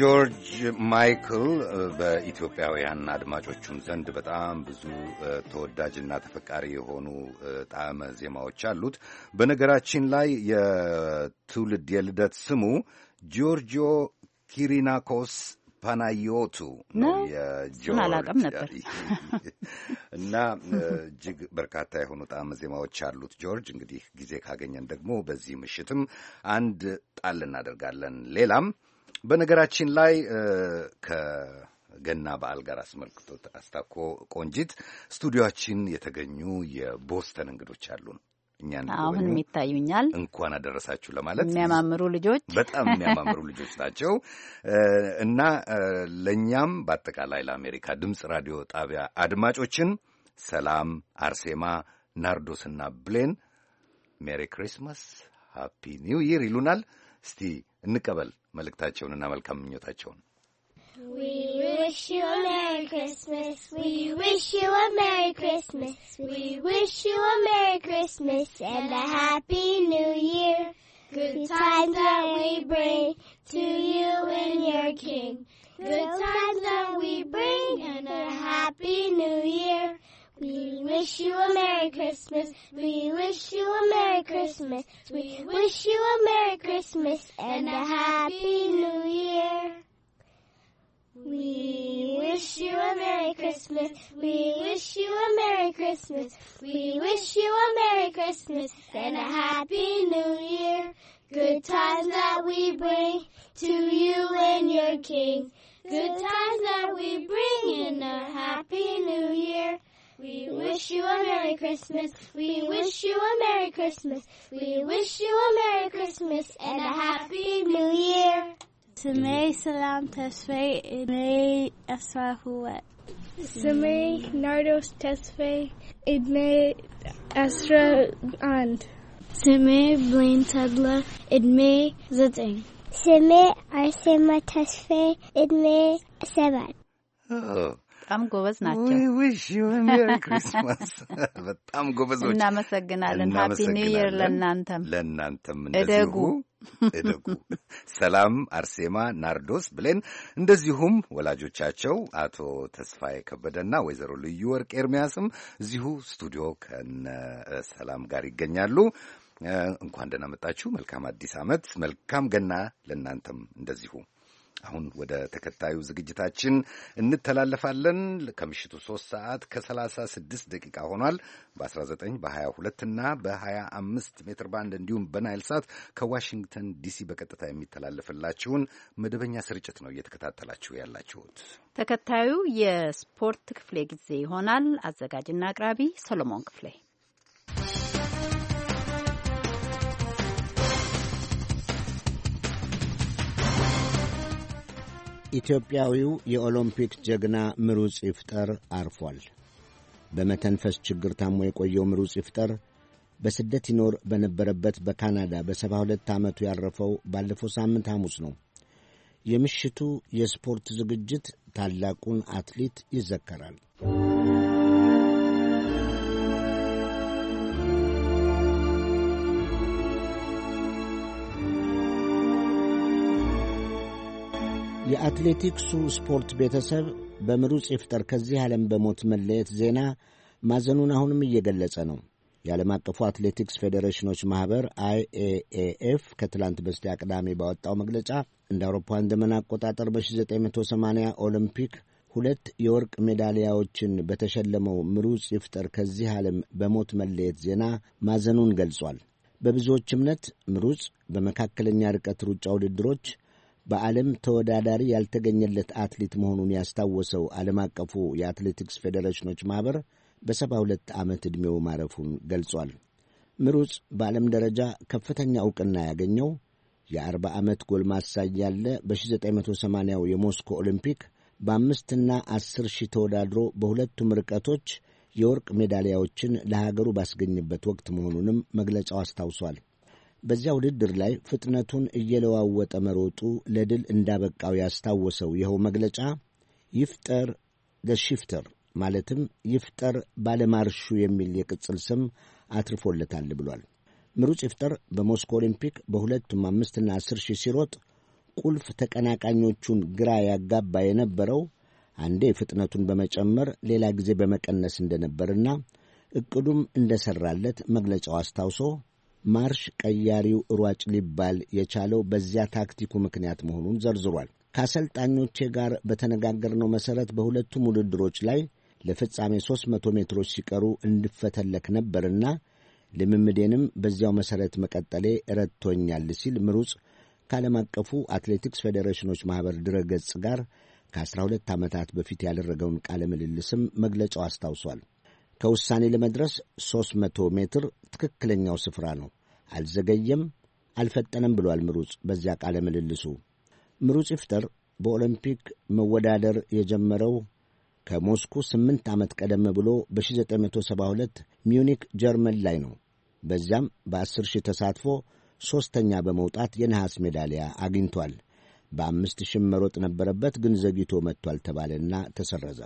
ጆርጅ ማይክል በኢትዮጵያውያን አድማጮቹም ዘንድ በጣም ብዙ ተወዳጅና ተፈቃሪ የሆኑ ጣዕመ ዜማዎች አሉት። በነገራችን ላይ የትውልድ የልደት ስሙ ጆርጂዮ ኪሪናኮስ ፓናዮቱ ነው። ነበር እና እጅግ በርካታ የሆኑ ጣዕመ ዜማዎች አሉት ጆርጅ። እንግዲህ ጊዜ ካገኘን ደግሞ በዚህ ምሽትም አንድ ጣል እናደርጋለን። ሌላም በነገራችን ላይ ከገና በዓል ጋር አስመልክቶ አስታኮ ቆንጂት ስቱዲዮችን የተገኙ የቦስተን እንግዶች አሉን። እኛን አሁን የሚታዩኛል። እንኳን አደረሳችሁ ለማለት የሚያማምሩ ልጆች በጣም የሚያማምሩ ልጆች ናቸው እና ለእኛም በአጠቃላይ ለአሜሪካ ድምፅ ራዲዮ ጣቢያ አድማጮችን ሰላም፣ አርሴማ፣ ናርዶስና ብሌን ሜሪ ክሪስማስ፣ ሃፒ ኒው ይር ይሉናል። We wish you a Merry Christmas. We wish you a Merry Christmas. We wish you a Merry Christmas and a Happy New Year. Good times that we bring to you and your King. Good times that we bring and a Happy New Year. We wish you a Merry Christmas. We wish you a Merry Christmas. We wish you a Merry Christmas and a Happy New Year. We wish you a Merry Christmas. We wish you a Merry Christmas. We wish you a Merry Christmas and a Happy New Year. Good times that we bring to you and your King. Good times that we bring in a Happy New Year. We wish you a Merry Christmas. We wish you a Merry Christmas. We wish you a Merry Christmas and a Happy New Year. سمي سلام تسفي إني أسرى هو سمي ناردوس تسفي إدمي أسرى أند سمي بلين تدلا إدمي زدين سمي أرسمة تسفي إدمي سبعد በጣም ጎበዝ ናቸው። በጣም ጎበዞች። እናመሰግናለን። ሀፒ ኒው ይር ለእናንተም ለእናንተም እደጉ እደጉ። ሰላም አርሴማ፣ ናርዶስ ብሌን እንደዚሁም ወላጆቻቸው አቶ ተስፋዬ ከበደና ወይዘሮ ልዩ ወርቅ ኤርሚያስም እዚሁ ስቱዲዮ ከነ ሰላም ጋር ይገኛሉ። እንኳን ደህና መጣችሁ። መልካም አዲስ ዓመት፣ መልካም ገና ለእናንተም እንደዚሁ አሁን ወደ ተከታዩ ዝግጅታችን እንተላለፋለን። ከምሽቱ 3 ሰዓት ከ36 ደቂቃ ሆኗል። በ19 በ22 እና በ25 ሜትር ባንድ እንዲሁም በናይል ሳት ከዋሽንግተን ዲሲ በቀጥታ የሚተላለፍላችሁን መደበኛ ስርጭት ነው እየተከታተላችሁ ያላችሁት። ተከታዩ የስፖርት ክፍሌ ጊዜ ይሆናል። አዘጋጅና አቅራቢ ሰሎሞን ክፍሌ ኢትዮጵያዊው የኦሎምፒክ ጀግና ምሩጽ ይፍጠር አርፏል። በመተንፈስ ችግር ታሞ የቆየው ምሩጽ ይፍጠር በስደት ይኖር በነበረበት በካናዳ በሰባ ሁለት ዓመቱ ያረፈው ባለፈው ሳምንት ሐሙስ ነው። የምሽቱ የስፖርት ዝግጅት ታላቁን አትሌት ይዘከራል። የአትሌቲክሱ ስፖርት ቤተሰብ በምሩጽ ይፍጠር ከዚህ ዓለም በሞት መለየት ዜና ማዘኑን አሁንም እየገለጸ ነው። የዓለም አቀፉ አትሌቲክስ ፌዴሬሽኖች ማኅበር አይኤኤኤፍ ከትላንት በስቲያ ቅዳሜ ባወጣው መግለጫ እንደ አውሮፓውያን ዘመን አቆጣጠር በ1980 ኦሎምፒክ ሁለት የወርቅ ሜዳሊያዎችን በተሸለመው ምሩጽ ይፍጠር ከዚህ ዓለም በሞት መለየት ዜና ማዘኑን ገልጿል። በብዙዎች እምነት ምሩጽ በመካከለኛ ርቀት ሩጫ ውድድሮች በዓለም ተወዳዳሪ ያልተገኘለት አትሌት መሆኑን ያስታወሰው ዓለም አቀፉ የአትሌቲክስ ፌዴሬሽኖች ማኅበር በሰባ ሁለት ዓመት ዕድሜው ማረፉን ገልጿል። ምሩጽ በዓለም ደረጃ ከፍተኛ ዕውቅና ያገኘው የአርባ ዓመት ጎልማሳ እያለ በ1980ው የሞስኮ ኦሊምፒክ በአምስትና ዐሥር ሺህ ተወዳድሮ በሁለቱም ርቀቶች የወርቅ ሜዳሊያዎችን ለሀገሩ ባስገኝበት ወቅት መሆኑንም መግለጫው አስታውሷል። በዚያ ውድድር ላይ ፍጥነቱን እየለዋወጠ መሮጡ ለድል እንዳበቃው ያስታወሰው ይኸው መግለጫ ይፍጠር ደሺፍተር ማለትም ይፍጠር ባለማርሹ የሚል የቅጽል ስም አትርፎለታል ብሏል። ምሩጽ ይፍጠር በሞስኮ ኦሊምፒክ በሁለቱም አምስትና አስር ሺህ ሲሮጥ ቁልፍ ተቀናቃኞቹን ግራ ያጋባ የነበረው አንዴ ፍጥነቱን በመጨመር ሌላ ጊዜ በመቀነስ እንደነበርና እቅዱም እንደሰራለት መግለጫው አስታውሶ ማርሽ ቀያሪው ሯጭ ሊባል የቻለው በዚያ ታክቲኩ ምክንያት መሆኑን ዘርዝሯል። ከአሰልጣኞቼ ጋር በተነጋገርነው መሠረት በሁለቱም ውድድሮች ላይ ለፍጻሜ 300 ሜትሮች ሲቀሩ እንድፈተለክ ነበርና ልምምዴንም በዚያው መሠረት መቀጠሌ ረድቶኛል ሲል ምሩጽ ከዓለም አቀፉ አትሌቲክስ ፌዴሬሽኖች ማኅበር ድረገጽ ጋር ከ12 ዓመታት በፊት ያደረገውን ቃለ ምልልስም መግለጫው አስታውሷል። ከውሳኔ ለመድረስ 300 ሜትር ትክክለኛው ስፍራ ነው። አልዘገየም፣ አልፈጠነም ብሏል ምሩጽ በዚያ ቃለ ምልልሱ። ምሩጽ ይፍጠር በኦሎምፒክ መወዳደር የጀመረው ከሞስኩ ስምንት ዓመት ቀደም ብሎ በ1972 ሚዩኒክ ጀርመን ላይ ነው። በዚያም በ10 ሺህ ተሳትፎ ሦስተኛ በመውጣት የነሐስ ሜዳሊያ አግኝቷል። በአምስት ሺህ መሮጥ ነበረበት ግን ዘግይቶ መጥቷል ተባለና ተሰረዘ።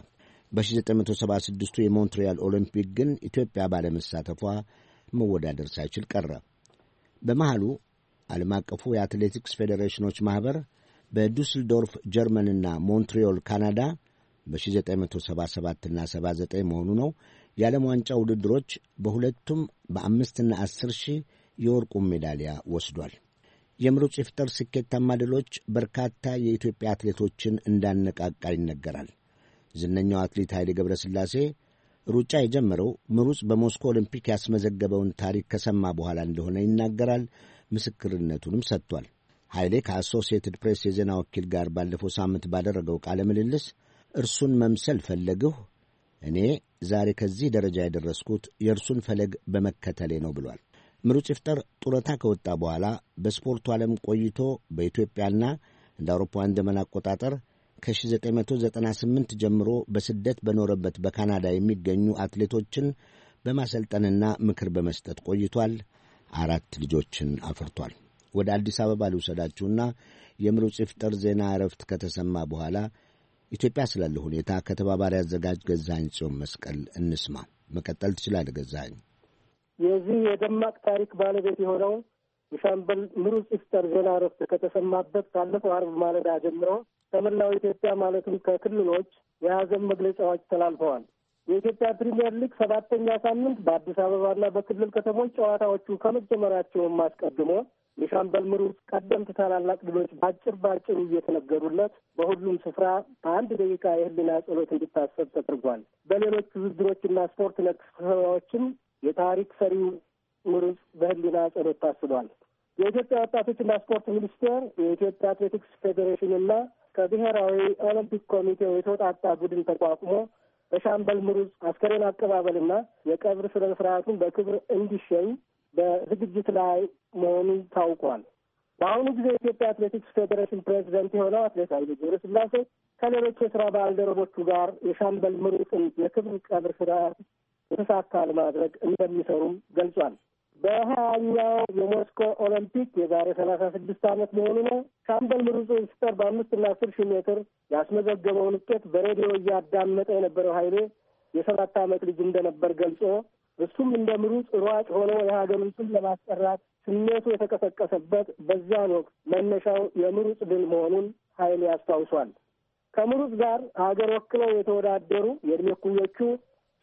በ1976ቱ የሞንትሪያል ኦሎምፒክ ግን ኢትዮጵያ ባለመሳተፏ መወዳደር ሳይችል ቀረ። በመሃሉ ዓለም አቀፉ የአትሌቲክስ ፌዴሬሽኖች ማኅበር በዱስልዶርፍ ጀርመንና ሞንትሪዮል ካናዳ በ1977ና 79 መሆኑ ነው የዓለም ዋንጫ ውድድሮች በሁለቱም በአምስትና አስር ሺህ የወርቁ ሜዳሊያ ወስዷል። የምሩጽ ይፍጠር ስኬታማ ድሎች በርካታ የኢትዮጵያ አትሌቶችን እንዳነቃቃ ይነገራል። ዝነኛው አትሌት ኃይሌ ገብረስላሴ ሩጫ የጀመረው ምሩጽ በሞስኮ ኦሊምፒክ ያስመዘገበውን ታሪክ ከሰማ በኋላ እንደሆነ ይናገራል። ምስክርነቱንም ሰጥቷል። ኃይሌ ከአሶሲየትድ ፕሬስ የዜና ወኪል ጋር ባለፈው ሳምንት ባደረገው ቃለ ምልልስ እርሱን መምሰል ፈለግሁ፣ እኔ ዛሬ ከዚህ ደረጃ የደረስኩት የእርሱን ፈለግ በመከተሌ ነው ብሏል። ምሩጽ ይፍጠር ጡረታ ከወጣ በኋላ በስፖርቱ ዓለም ቆይቶ በኢትዮጵያና እንደ አውሮፓውያን ዘመን አቆጣጠር ከ1998 ጀምሮ በስደት በኖረበት በካናዳ የሚገኙ አትሌቶችን በማሰልጠንና ምክር በመስጠት ቆይቷል። አራት ልጆችን አፍርቷል። ወደ አዲስ አበባ ልውሰዳችሁና የምሩጽ ይፍጠር ዜና እረፍት ከተሰማ በኋላ ኢትዮጵያ ስላለ ሁኔታ ከተባባሪ አዘጋጅ ገዛኝ ጽዮን መስቀል እንስማ። መቀጠል ትችላለህ ገዛኝ። የዚህ የደማቅ ታሪክ ባለቤት የሆነው የሻምበል ምሩጽ ይፍጠር ዜና እረፍት ከተሰማበት ካለፈው አርብ ማለዳ ጀምሮ ከመላው ኢትዮጵያ ማለትም ከክልሎች የሀዘን መግለጫዎች ተላልፈዋል። የኢትዮጵያ ፕሪምየር ሊግ ሰባተኛ ሳምንት በአዲስ አበባና በክልል ከተሞች ጨዋታዎቹ ከመጀመሪያቸውም አስቀድሞ የሻምበል ምሩጽ ቀደምት ታላላቅ ድሎች በአጭር በአጭሩ እየተነገሩለት በሁሉም ስፍራ በአንድ ደቂቃ የህሊና ጸሎት እንዲታሰብ ተደርጓል። በሌሎች ውድድሮችና ስፖርት ነክ ስብሰባዎችም የታሪክ ሰሪው ምሩጽ በህሊና ጸሎት ታስቧል። የኢትዮጵያ ወጣቶችና ስፖርት ሚኒስቴር፣ የኢትዮጵያ አትሌቲክስ ፌዴሬሽንና ከብሔራዊ ኦሎምፒክ ኮሚቴው የተውጣጣ ቡድን ተቋቁሞ በሻምበል ምሩጽ አስከሬን አቀባበልና የቀብር ስነ ስርዓቱን በክብር እንዲሸኝ በዝግጅት ላይ መሆኑ ታውቋል። በአሁኑ ጊዜ የኢትዮጵያ አትሌቲክስ ፌዴሬሽን ፕሬዚደንት የሆነው አትሌት ኃይሌ ገብረስላሴ ከሌሎች የስራ ባልደረቦቹ ጋር የሻምበል ምሩጽን የክብር ቀብር ስርዓት የተሳካ ለማድረግ እንደሚሰሩም ገልጿል። በሀያኛው የሞስኮ ኦሎምፒክ የዛሬ ሰላሳ ስድስት ዓመት መሆኑ ነው። ሻምበል ምሩጽ ስጠር በአምስት እና አስር ሺህ ሜትር ያስመዘገበውን ውጤት በሬዲዮ እያዳመጠ የነበረው ኃይሌ የሰባት ዓመት ልጅ እንደነበር ገልጾ እሱም እንደ ምሩጽ ሯጭ ሆኖ የሀገሩን ስም ለማስጠራት ስሜቱ የተቀሰቀሰበት በዚያን ወቅት መነሻው የምሩጽ ድል መሆኑን ኃይሌ ያስታውሷል። ከምሩጽ ጋር ሀገር ወክለው የተወዳደሩ የእድሜ ኩዮቹ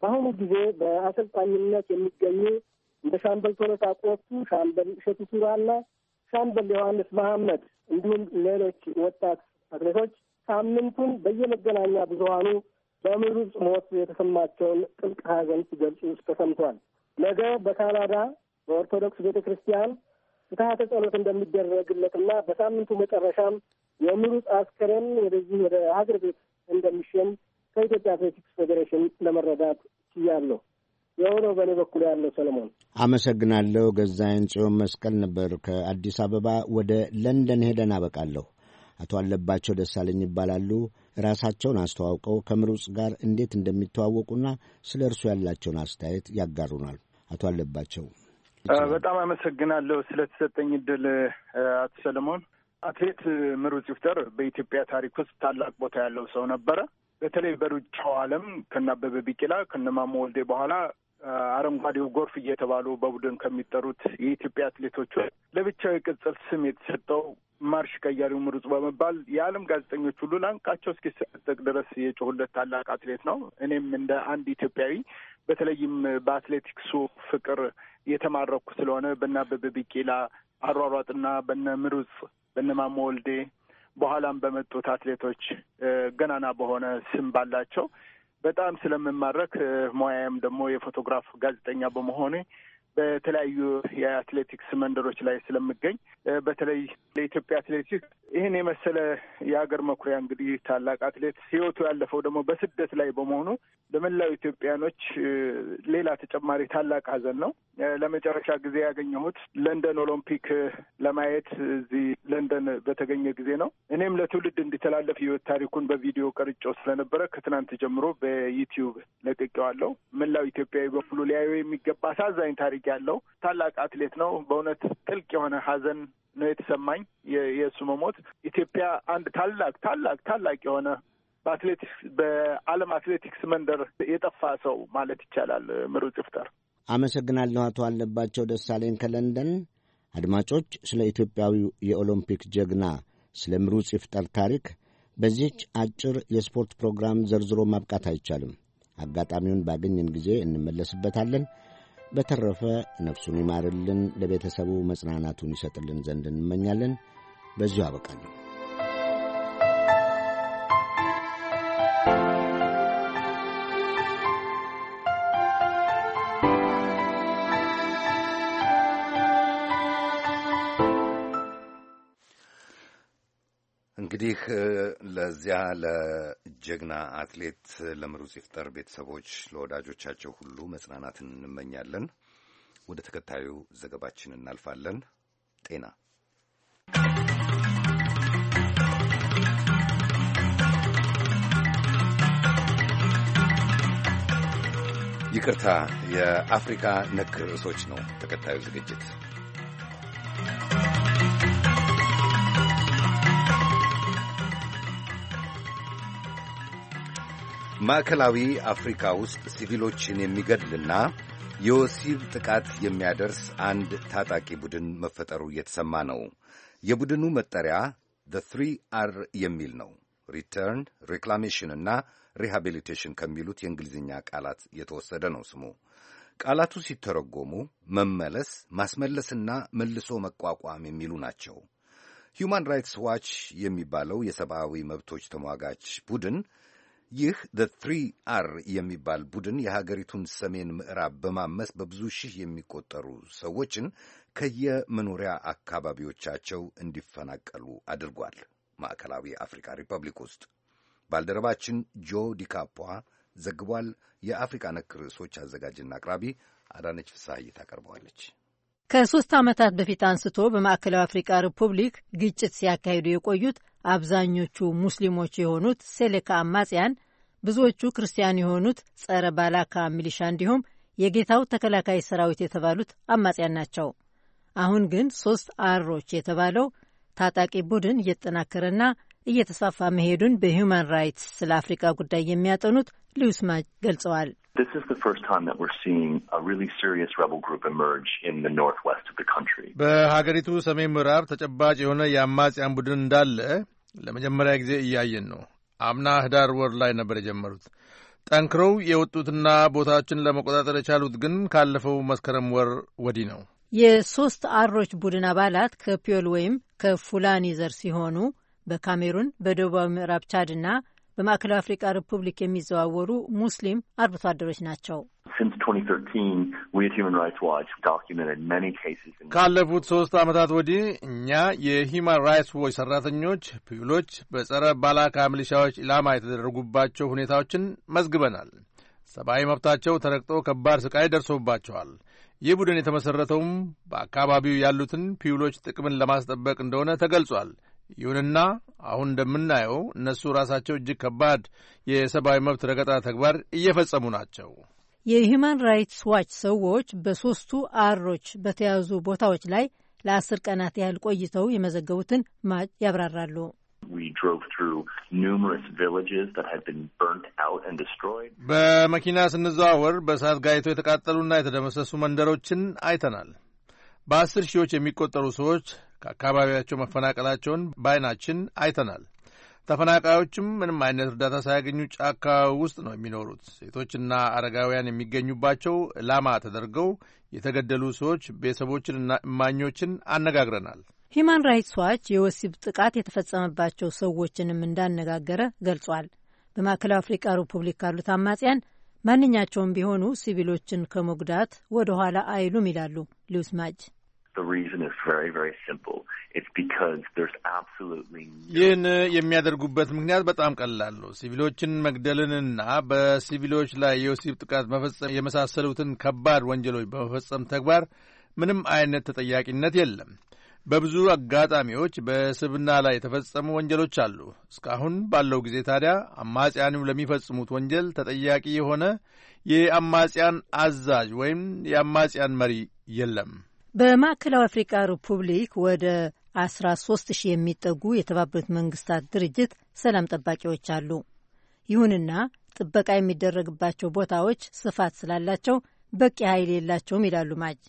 በአሁኑ ጊዜ በአሰልጣኝነት የሚገኙ እንደ ሻምበል ቶሎሳ ቆቱ፣ ሻምበል እሸቱ ቱራና ሻምበል ዮሐንስ መሐመድ እንዲሁም ሌሎች ወጣት አትሌቶች ሳምንቱን በየመገናኛ ብዙሀኑ በምሩጽ ሞት የተሰማቸውን ጥልቅ ሐዘን ሲገልጹ ተሰምቷል። ነገ በካናዳ በኦርቶዶክስ ቤተ ክርስቲያን ፍትሐተ ጸሎት እንደሚደረግለትና በሳምንቱ መጨረሻም የምሩጽ አስከሬን ወደዚህ ወደ ሀገር ቤት እንደሚሸኝ ከኢትዮጵያ አትሌቲክስ ፌዴሬሽን ለመረዳት ችያለሁ። የሆነው በእኔ በኩል ያለው ሰለሞን አመሰግናለሁ። ገዛይን ጽዮን መስቀል ነበር ከአዲስ አበባ ወደ ለንደን ሄደን አበቃለሁ። አቶ አለባቸው ደሳለኝ ይባላሉ። ራሳቸውን አስተዋውቀው ከምሩጽ ጋር እንዴት እንደሚተዋወቁና ስለ እርሱ ያላቸውን አስተያየት ያጋሩናል። አቶ አለባቸው በጣም አመሰግናለሁ ስለተሰጠኝ እድል አቶ ሰለሞን። አትሌት ምሩጽ ይፍጠር በኢትዮጵያ ታሪክ ውስጥ ታላቅ ቦታ ያለው ሰው ነበረ። በተለይ በሩጫው ዓለም ከነ አበበ ቢቂላ ከነ ማሞ ወልዴ በኋላ አረንጓዴው ጎርፍ እየተባሉ በቡድን ከሚጠሩት የኢትዮጵያ አትሌቶች ለብቻው የቅጽል ስም የተሰጠው ማርሽ ቀያሪው ምሩጽ በመባል የዓለም ጋዜጠኞች ሁሉ ላንቃቸው እስኪሰነጠቅ ድረስ የጮሁለት ታላቅ አትሌት ነው። እኔም እንደ አንድ ኢትዮጵያዊ በተለይም በአትሌቲክሱ ፍቅር የተማረኩ ስለሆነ በነ አበበ ቢቂላ አሯሯጥና በነ ምሩጽ በነ ማሞ ወልዴ በኋላም በመጡት አትሌቶች ገናና በሆነ ስም ባላቸው በጣም ስለምማረክ ሙያዬም ደግሞ የፎቶግራፍ ጋዜጠኛ በመሆኔ በተለያዩ የአትሌቲክስ መንደሮች ላይ ስለምገኝ በተለይ ለኢትዮጵያ አትሌቲክስ ይህን የመሰለ የሀገር መኩሪያ እንግዲህ ታላቅ አትሌት ሕይወቱ ያለፈው ደግሞ በስደት ላይ በመሆኑ ለመላው ኢትዮጵያኖች ሌላ ተጨማሪ ታላቅ ሐዘን ነው። ለመጨረሻ ጊዜ ያገኘሁት ለንደን ኦሎምፒክ ለማየት እዚህ ለንደን በተገኘ ጊዜ ነው። እኔም ለትውልድ እንዲተላለፍ ሕይወት ታሪኩን በቪዲዮ ቀርጬው ስለነበረ ከትናንት ጀምሮ በዩቲዩብ ለቅቄዋለሁ። መላው ኢትዮጵያዊ በሙሉ ሊያዩ የሚገባ አሳዛኝ ታሪክ ታሪክ ያለው ታላቅ አትሌት ነው። በእውነት ጥልቅ የሆነ ሀዘን ነው የተሰማኝ የእሱ መሞት። ኢትዮጵያ አንድ ታላቅ ታላቅ ታላቅ የሆነ በአትሌቲክስ በዓለም አትሌቲክስ መንደር የጠፋ ሰው ማለት ይቻላል። ምሩጽ ይፍጠር። አመሰግናለሁ። አቶ አለባቸው ደሳለኝ ከለንደን። አድማጮች፣ ስለ ኢትዮጵያዊው የኦሎምፒክ ጀግና ስለ ምሩጽ ይፍጠር ታሪክ በዚህች አጭር የስፖርት ፕሮግራም ዘርዝሮ ማብቃት አይቻልም። አጋጣሚውን ባገኘን ጊዜ እንመለስበታለን። በተረፈ ነፍሱን ይማርልን፣ ለቤተሰቡ መጽናናቱን ይሰጥልን ዘንድ እንመኛለን። በዚሁ አበቃለሁ። እንግዲህ ለዚያ ለጀግና አትሌት ለምሩጽ ይፍጠር ቤተሰቦች፣ ለወዳጆቻቸው ሁሉ መጽናናትን እንመኛለን። ወደ ተከታዩ ዘገባችን እናልፋለን። ጤና ይቅርታ፣ የአፍሪካ ነክ ርዕሶች ነው ተከታዩ ዝግጅት። ማዕከላዊ አፍሪካ ውስጥ ሲቪሎችን የሚገድልና የወሲብ ጥቃት የሚያደርስ አንድ ታጣቂ ቡድን መፈጠሩ እየተሰማ ነው። የቡድኑ መጠሪያ ዘ ትሪ አር የሚል ነው። ሪተርን፣ ሪክላሜሽን እና ሪሃቢሊቴሽን ከሚሉት የእንግሊዝኛ ቃላት የተወሰደ ነው ስሙ። ቃላቱ ሲተረጎሙ መመለስ፣ ማስመለስና መልሶ መቋቋም የሚሉ ናቸው። ሁማን ራይትስ ዋች የሚባለው የሰብአዊ መብቶች ተሟጋች ቡድን ይህ ዘ ትሪ አር የሚባል ቡድን የሀገሪቱን ሰሜን ምዕራብ በማመስ በብዙ ሺህ የሚቆጠሩ ሰዎችን ከየመኖሪያ አካባቢዎቻቸው እንዲፈናቀሉ አድርጓል። ማዕከላዊ አፍሪካ ሪፐብሊክ ውስጥ ባልደረባችን ጆ ዲካፖ ዘግቧል። የአፍሪካ ነክ ርዕሶች አዘጋጅና አቅራቢ አዳነች ፍስሐ ታቀርበዋለች። ከሶስት ዓመታት በፊት አንስቶ በማዕከላዊ አፍሪቃ ሪፑብሊክ ግጭት ሲያካሂዱ የቆዩት አብዛኞቹ ሙስሊሞች የሆኑት ሴሌካ አማጽያን፣ ብዙዎቹ ክርስቲያን የሆኑት ጸረ ባላካ ሚሊሻ እንዲሁም የጌታው ተከላካይ ሰራዊት የተባሉት አማጽያን ናቸው። አሁን ግን ሶስት አሮች የተባለው ታጣቂ ቡድን እየተጠናከረና እየተስፋፋ መሄዱን በሂውማን ራይትስ ስለ አፍሪቃ ጉዳይ የሚያጠኑት ሊዩስማች ገልጸዋል። This is the first time that we're seeing a really serious rebel group emerge in the northwest of the country. በሀገሪቱ ሰሜን ምዕራብ ተጨባጭ የሆነ የአማጽያን ቡድን እንዳለ ለመጀመሪያ ጊዜ እያየን ነው። አምና ህዳር ወር ላይ ነበር የጀመሩት። ጠንክረው የወጡትና ቦታዎችን ለመቆጣጠር የቻሉት ግን ካለፈው መስከረም ወር ወዲህ ነው። የሶስት አሮች ቡድን አባላት ከፒዮል ወይም ከፉላኒ ዘር ሲሆኑ በካሜሩን በደቡባዊ ምዕራብ ቻድና በማዕከላዊ አፍሪካ ሪፑብሊክ የሚዘዋወሩ ሙስሊም አርብቶ አደሮች ናቸው። ካለፉት ሶስት ዓመታት ወዲህ እኛ የሂማን ራይትስ ዎች ሰራተኞች ፒውሎች በጸረ ባላካ ሚሊሻዎች ኢላማ የተደረጉባቸው ሁኔታዎችን መዝግበናል። ሰብአዊ መብታቸው ተረግጦ ከባድ ስቃይ ደርሶባቸዋል። ይህ ቡድን የተመሠረተውም በአካባቢው ያሉትን ፒውሎች ጥቅምን ለማስጠበቅ እንደሆነ ተገልጿል። ይሁንና አሁን እንደምናየው እነሱ ራሳቸው እጅግ ከባድ የሰብአዊ መብት ረገጣ ተግባር እየፈጸሙ ናቸው። የሂማን ራይትስ ዋች ሰዎች በሦስቱ አሮች በተያዙ ቦታዎች ላይ ለአስር ቀናት ያህል ቆይተው የመዘገቡትን ማጭ ያብራራሉ። በመኪና ስንዘዋወር በእሳት ጋይቶ የተቃጠሉና የተደመሰሱ መንደሮችን አይተናል። በአስር ሺዎች የሚቆጠሩ ሰዎች ከአካባቢያቸው መፈናቀላቸውን በዓይናችን አይተናል። ተፈናቃዮችም ምንም አይነት እርዳታ ሳያገኙ ጫካ ውስጥ ነው የሚኖሩት። ሴቶችና አረጋውያን የሚገኙባቸው ላማ ተደርገው የተገደሉ ሰዎች ቤተሰቦችንና እማኞችን አነጋግረናል። ሂማን ራይትስ ዋች የወሲብ ጥቃት የተፈጸመባቸው ሰዎችንም እንዳነጋገረ ገልጿል። በማዕከላዊ አፍሪካ ሪፑብሊክ ካሉት አማጽያን ማንኛቸውም ቢሆኑ ሲቪሎችን ከመጉዳት ወደ ኋላ አይሉም ይላሉ ማጅ። ይህን የሚያደርጉበት ምክንያት በጣም ቀላል ነው። ሲቪሎችን መግደልንና በሲቪሎች ላይ የወሲብ ጥቃት መፈጸም የመሳሰሉትን ከባድ ወንጀሎች በመፈጸም ተግባር ምንም አይነት ተጠያቂነት የለም። በብዙ አጋጣሚዎች በስብና ላይ የተፈጸሙ ወንጀሎች አሉ። እስካሁን ባለው ጊዜ ታዲያ አማጺያኑ ለሚፈጽሙት ወንጀል ተጠያቂ የሆነ የአማጽያን አዛዥ ወይም የአማጽያን መሪ የለም። በማዕከላዊ አፍሪካ ሪፑብሊክ ወደ 13 ሺህ የሚጠጉ የተባበሩት መንግስታት ድርጅት ሰላም ጠባቂዎች አሉ። ይሁንና ጥበቃ የሚደረግባቸው ቦታዎች ስፋት ስላላቸው በቂ ኃይል የላቸውም ይላሉ ማጅ።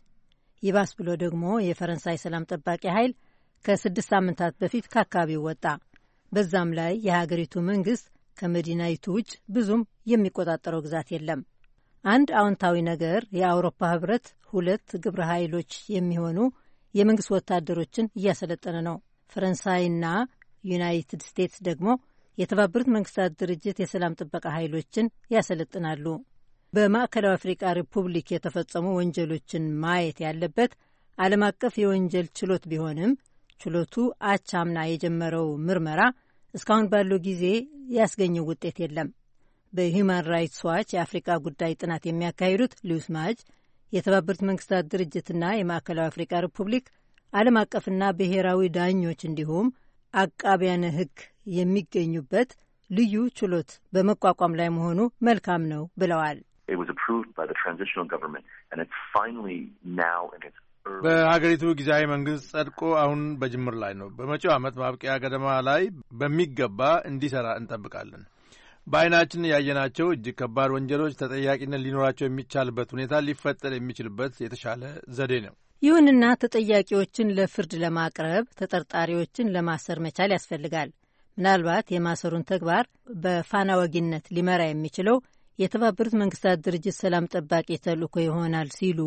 ይባስ ብሎ ደግሞ የፈረንሳይ ሰላም ጠባቂ ኃይል ከስድስት ሳምንታት በፊት ከአካባቢው ወጣ። በዛም ላይ የሀገሪቱ መንግስት ከመዲናይቱ ውጭ ብዙም የሚቆጣጠረው ግዛት የለም። አንድ አዎንታዊ ነገር የአውሮፓ ህብረት ሁለት ግብረ ኃይሎች የሚሆኑ የመንግስት ወታደሮችን እያሰለጠነ ነው። ፈረንሳይና ዩናይትድ ስቴትስ ደግሞ የተባበሩት መንግስታት ድርጅት የሰላም ጥበቃ ኃይሎችን ያሰለጥናሉ። በማዕከላዊ አፍሪቃ ሪፑብሊክ የተፈጸሙ ወንጀሎችን ማየት ያለበት ዓለም አቀፍ የወንጀል ችሎት ቢሆንም ችሎቱ አቻምና የጀመረው ምርመራ እስካሁን ባለው ጊዜ ያስገኘው ውጤት የለም። በሂውማን ራይትስ ዋች የአፍሪቃ ጉዳይ ጥናት የሚያካሂዱት ሉዊስ ማጅ የተባበሩት መንግስታት ድርጅትና የማዕከላዊ አፍሪቃ ሪፑብሊክ ዓለም አቀፍና ብሔራዊ ዳኞች እንዲሁም አቃቢያነ ሕግ የሚገኙበት ልዩ ችሎት በመቋቋም ላይ መሆኑ መልካም ነው ብለዋል። በሀገሪቱ ጊዜያዊ መንግስት ጸድቆ አሁን በጅምር ላይ ነው። በመጪው ዓመት ማብቂያ ገደማ ላይ በሚገባ እንዲሰራ እንጠብቃለን። በአይናችን ያየናቸው እጅግ ከባድ ወንጀሎች ተጠያቂነት ሊኖራቸው የሚቻልበት ሁኔታ ሊፈጠር የሚችልበት የተሻለ ዘዴ ነው። ይሁንና ተጠያቂዎችን ለፍርድ ለማቅረብ ተጠርጣሪዎችን ለማሰር መቻል ያስፈልጋል። ምናልባት የማሰሩን ተግባር በፋና ወጊነት ሊመራ የሚችለው የተባበሩት መንግስታት ድርጅት ሰላም ጠባቂ ተልእኮ ይሆናል ሲሉ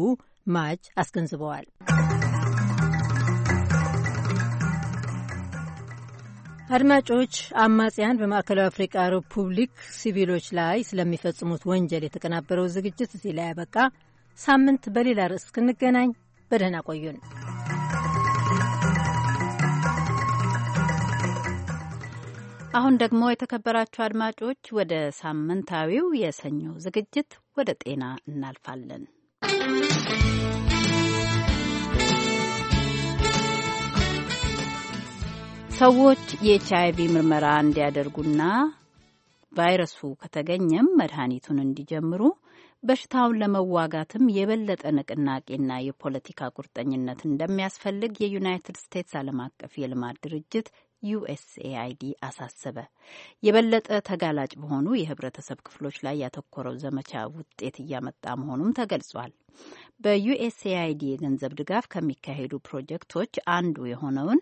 ማጅ አስገንዝበዋል። አድማጮች፣ አማጽያን በማዕከላዊ አፍሪቃ ሪፑብሊክ ሲቪሎች ላይ ስለሚፈጽሙት ወንጀል የተቀናበረው ዝግጅት እዚህ ላይ ያበቃ። ሳምንት በሌላ ርዕስ እስክንገናኝ በደህና ቆዩን። አሁን ደግሞ የተከበራችሁ አድማጮች፣ ወደ ሳምንታዊው የሰኞ ዝግጅት ወደ ጤና እናልፋለን። ሰዎች የኤች ቪ ምርመራ እንዲያደርጉና ቫይረሱ ከተገኘም መድኃኒቱን እንዲጀምሩ በሽታውን ለመዋጋትም የበለጠ ንቅናቄና የፖለቲካ ቁርጠኝነት እንደሚያስፈልግ የዩናይትድ ስቴትስ ዓለም አቀፍ የልማት ድርጅት ዩኤስኤአይዲ አሳሰበ። የበለጠ ተጋላጭ በሆኑ የህብረተሰብ ክፍሎች ላይ ያተኮረው ዘመቻ ውጤት እያመጣ መሆኑም ተገልጿል። በዩኤስኤአይዲ የገንዘብ ድጋፍ ከሚካሄዱ ፕሮጀክቶች አንዱ የሆነውን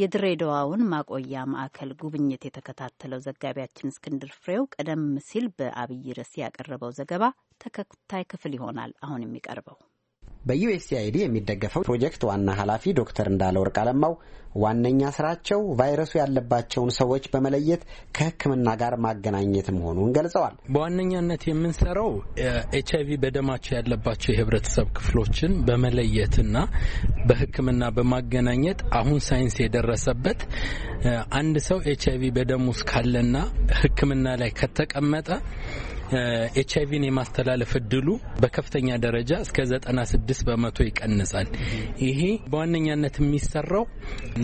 የድሬዳዋውን ማቆያ ማዕከል ጉብኝት የተከታተለው ዘጋቢያችን እስክንድር ፍሬው ቀደም ሲል በአብይ ርዕስ ያቀረበው ዘገባ ተከታይ ክፍል ይሆናል አሁን የሚቀርበው። በዩኤስኤአይዲ የሚደገፈው ፕሮጀክት ዋና ኃላፊ ዶክተር እንዳለ ወርቅ አለማው ዋነኛ ስራቸው ቫይረሱ ያለባቸውን ሰዎች በመለየት ከሕክምና ጋር ማገናኘት መሆኑን ገልጸዋል። በዋነኛነት የምንሰራው ኤች አይቪ በደማቸው ያለባቸው የህብረተሰብ ክፍሎችን በመለየትና በሕክምና በማገናኘት አሁን ሳይንስ የደረሰበት አንድ ሰው ኤች አይቪ በደም ውስጥ ካለና ሕክምና ላይ ከተቀመጠ ኤች አይቪን የማስተላለፍ እድሉ በከፍተኛ ደረጃ እስከ 96 በመቶ ይቀንሳል። ይሄ በዋነኛነት የሚሰራው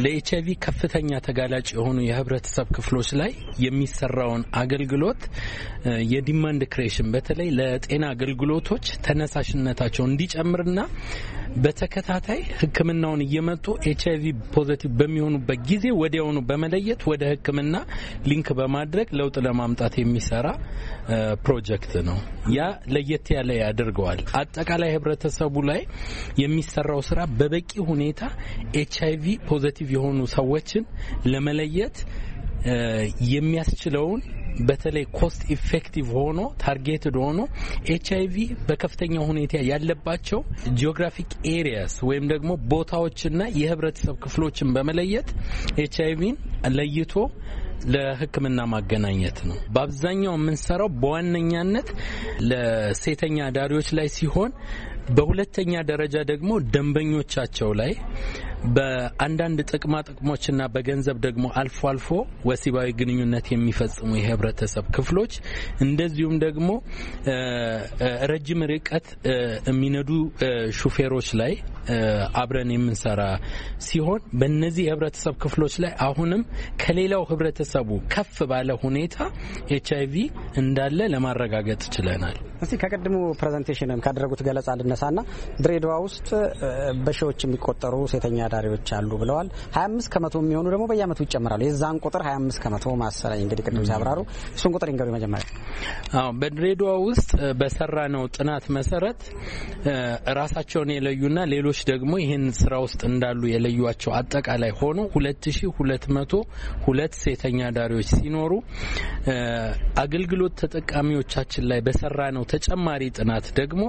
ለኤች አይቪ ከፍተኛ ተጋላጭ የሆኑ የህብረተሰብ ክፍሎች ላይ የሚሰራውን አገልግሎት የዲማንድ ክሬሽን በተለይ ለጤና አገልግሎቶች ተነሳሽነታቸው እንዲጨምርና በተከታታይ ህክምናውን እየመጡ ኤች አይቪ ፖዘቲቭ በሚሆኑበት ጊዜ ወዲያውኑ በመለየት ወደ ህክምና ሊንክ በማድረግ ለውጥ ለማምጣት የሚሰራ ፕሮጀክት ነው። ያ ለየት ያለ ያደርገዋል። አጠቃላይ ህብረተሰቡ ላይ የሚሰራው ስራ በበቂ ሁኔታ ኤች አይቪ ፖዘቲቭ የሆኑ ሰዎችን ለመለየት የሚያስችለውን በተለይ ኮስት ኢፌክቲቭ ሆኖ ታርጌትድ ሆኖ ኤች አይ ቪ በከፍተኛ ሁኔታ ያለባቸው ጂኦግራፊክ ኤሪያስ ወይም ደግሞ ቦታዎችና የህብረተሰብ ክፍሎችን በመለየት ኤች አይ ቪን ለይቶ ለሕክምና ማገናኘት ነው። በአብዛኛው የምንሰራው በዋነኛነት ለሴተኛ አዳሪዎች ላይ ሲሆን በሁለተኛ ደረጃ ደግሞ ደንበኞቻቸው ላይ በአንዳንድ ጥቅማ ጥቅሞችና በገንዘብ ደግሞ አልፎ አልፎ ወሲባዊ ግንኙነት የሚፈጽሙ የህብረተሰብ ክፍሎች እንደዚሁም ደግሞ ረጅም ርቀት የሚነዱ ሹፌሮች ላይ አብረን የምንሰራ ሲሆን በእነዚህ የህብረተሰብ ክፍሎች ላይ አሁንም ከሌላው ህብረተሰቡ ከፍ ባለ ሁኔታ ኤች አይቪ እንዳለ ለማረጋገጥ ችለናል። እስቲ ከቅድሙ ፕሬዘንቴሽን ካደረጉት ገለጻ ልነሳና ድሬዳዋ ውስጥ በሺዎች የሚቆጠሩ ሴተኛ ተወዳዳሪዎች አሉ ብለዋል። 25 ከመቶ የሚሆኑ ደግሞ በየአመቱ ይጨምራሉ። የዛን ቁጥር 25 ከመቶ ማሰራኝ እንግዲህ ቅድም ሲያብራሩ እሱን ቁጥር ይንገሩ መጀመሪያ። አዎ በድሬዳዋ ውስጥ በሰራ ነው ጥናት መሰረት ራሳቸውን የለዩና ሌሎች ደግሞ ይህን ስራ ውስጥ እንዳሉ የለዩቸው አጠቃላይ ሆኖ 2202 ሴተኛ አዳሪዎች ሲኖሩ አገልግሎት ተጠቃሚዎቻችን ላይ በሰራ ነው ተጨማሪ ጥናት ደግሞ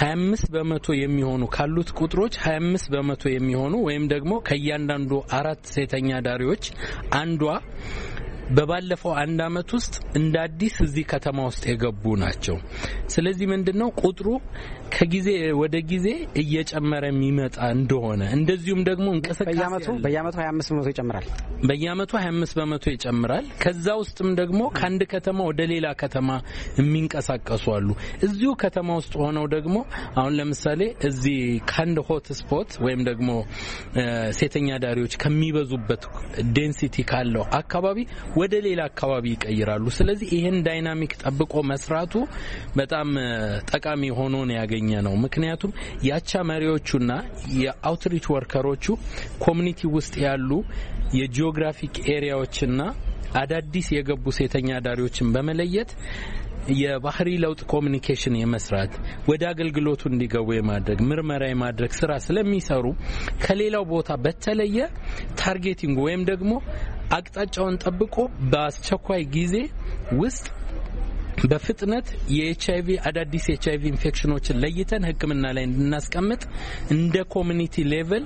25 በመቶ የሚሆኑ ካሉት ቁጥሮች 25 በመቶ የሚሆኑ ወይም ደግሞ ከእያንዳንዱ አራት ሴተኛ ዳሪዎች አንዷ በባለፈው አንድ አመት ውስጥ እንደ አዲስ እዚህ ከተማ ውስጥ የገቡ ናቸው። ስለዚህ ምንድን ነው ቁጥሩ ከጊዜ ወደ ጊዜ እየጨመረ የሚመጣ እንደሆነ እንደዚሁም ደግሞ እንቅስቃሴ በየአመቱ 25 በመቶ ይጨምራል። በየአመቱ 25 በመቶ ይጨምራል። ከዛ ውስጥም ደግሞ ከአንድ ከተማ ወደ ሌላ ከተማ የሚንቀሳቀሱ አሉ። እዚሁ ከተማ ውስጥ ሆነው ደግሞ አሁን ለምሳሌ እዚህ ከአንድ ሆት ስፖት ወይም ደግሞ ሴተኛ ዳሪዎች ከሚበዙበት ዴንሲቲ ካለው አካባቢ ወደ ሌላ አካባቢ ይቀይራሉ። ስለዚህ ይህን ዳይናሚክ ጠብቆ መስራቱ በጣም ጠቃሚ ሆኖ ነው ያገኘ ነው። ምክንያቱም የአቻ መሪዎቹና የአውትሪች ወርከሮቹ ኮሚኒቲ ውስጥ ያሉ የጂኦግራፊክ ኤሪያዎችና አዳዲስ የገቡ ሴተኛ አዳሪዎችን በመለየት የባህሪ ለውጥ ኮሚኒኬሽን የመስራት ወደ አገልግሎቱ እንዲገቡ የማድረግ ምርመራ የማድረግ ስራ ስለሚሰሩ ከሌላው ቦታ በተለየ ታርጌቲንግ ወይም ደግሞ አቅጣጫውን ጠብቆ በአስቸኳይ ጊዜ ውስጥ በፍጥነት የኤችአይቪ አዳዲስ አይቪ ኢንፌክሽኖችን ለይተን ሕክምና ላይ እንድናስቀምጥ እንደ ኮሚኒቲ ሌቭል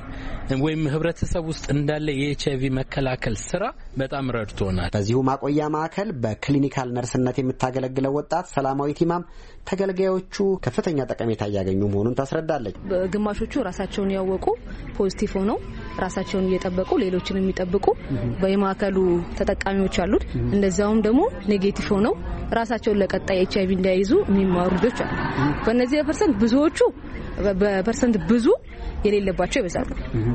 ወይም ህብረተሰብ ውስጥ እንዳለ አይቪ መከላከል ስራ በጣም ረድቶናል። በዚሁ ማቆያ ማዕከል በክሊኒካል ነርስነት የምታገለግለው ወጣት ሰላማዊ ቲማም ተገልጋዮቹ ከፍተኛ ጠቀሜታ እያገኙ መሆኑን ታስረዳለች። ግማሾቹ ራሳቸውን ያወቁ ፖዚቲቭ ሆነው ራሳቸውን እየጠበቁ ሌሎችን የሚጠብቁ በየማዕከሉ ተጠቃሚዎች አሉት። እንደዚያውም ደግሞ ኔጌቲቭ ሆነው ራሳቸውን ለቀጣይ ኤች አይቪ እንዳይዙ የሚማሩ ልጆች አሉ። በእነዚህ በፐርሰንት ብዙዎቹ በፐርሰንት ብዙ የሌለባቸው ይበዛሉ።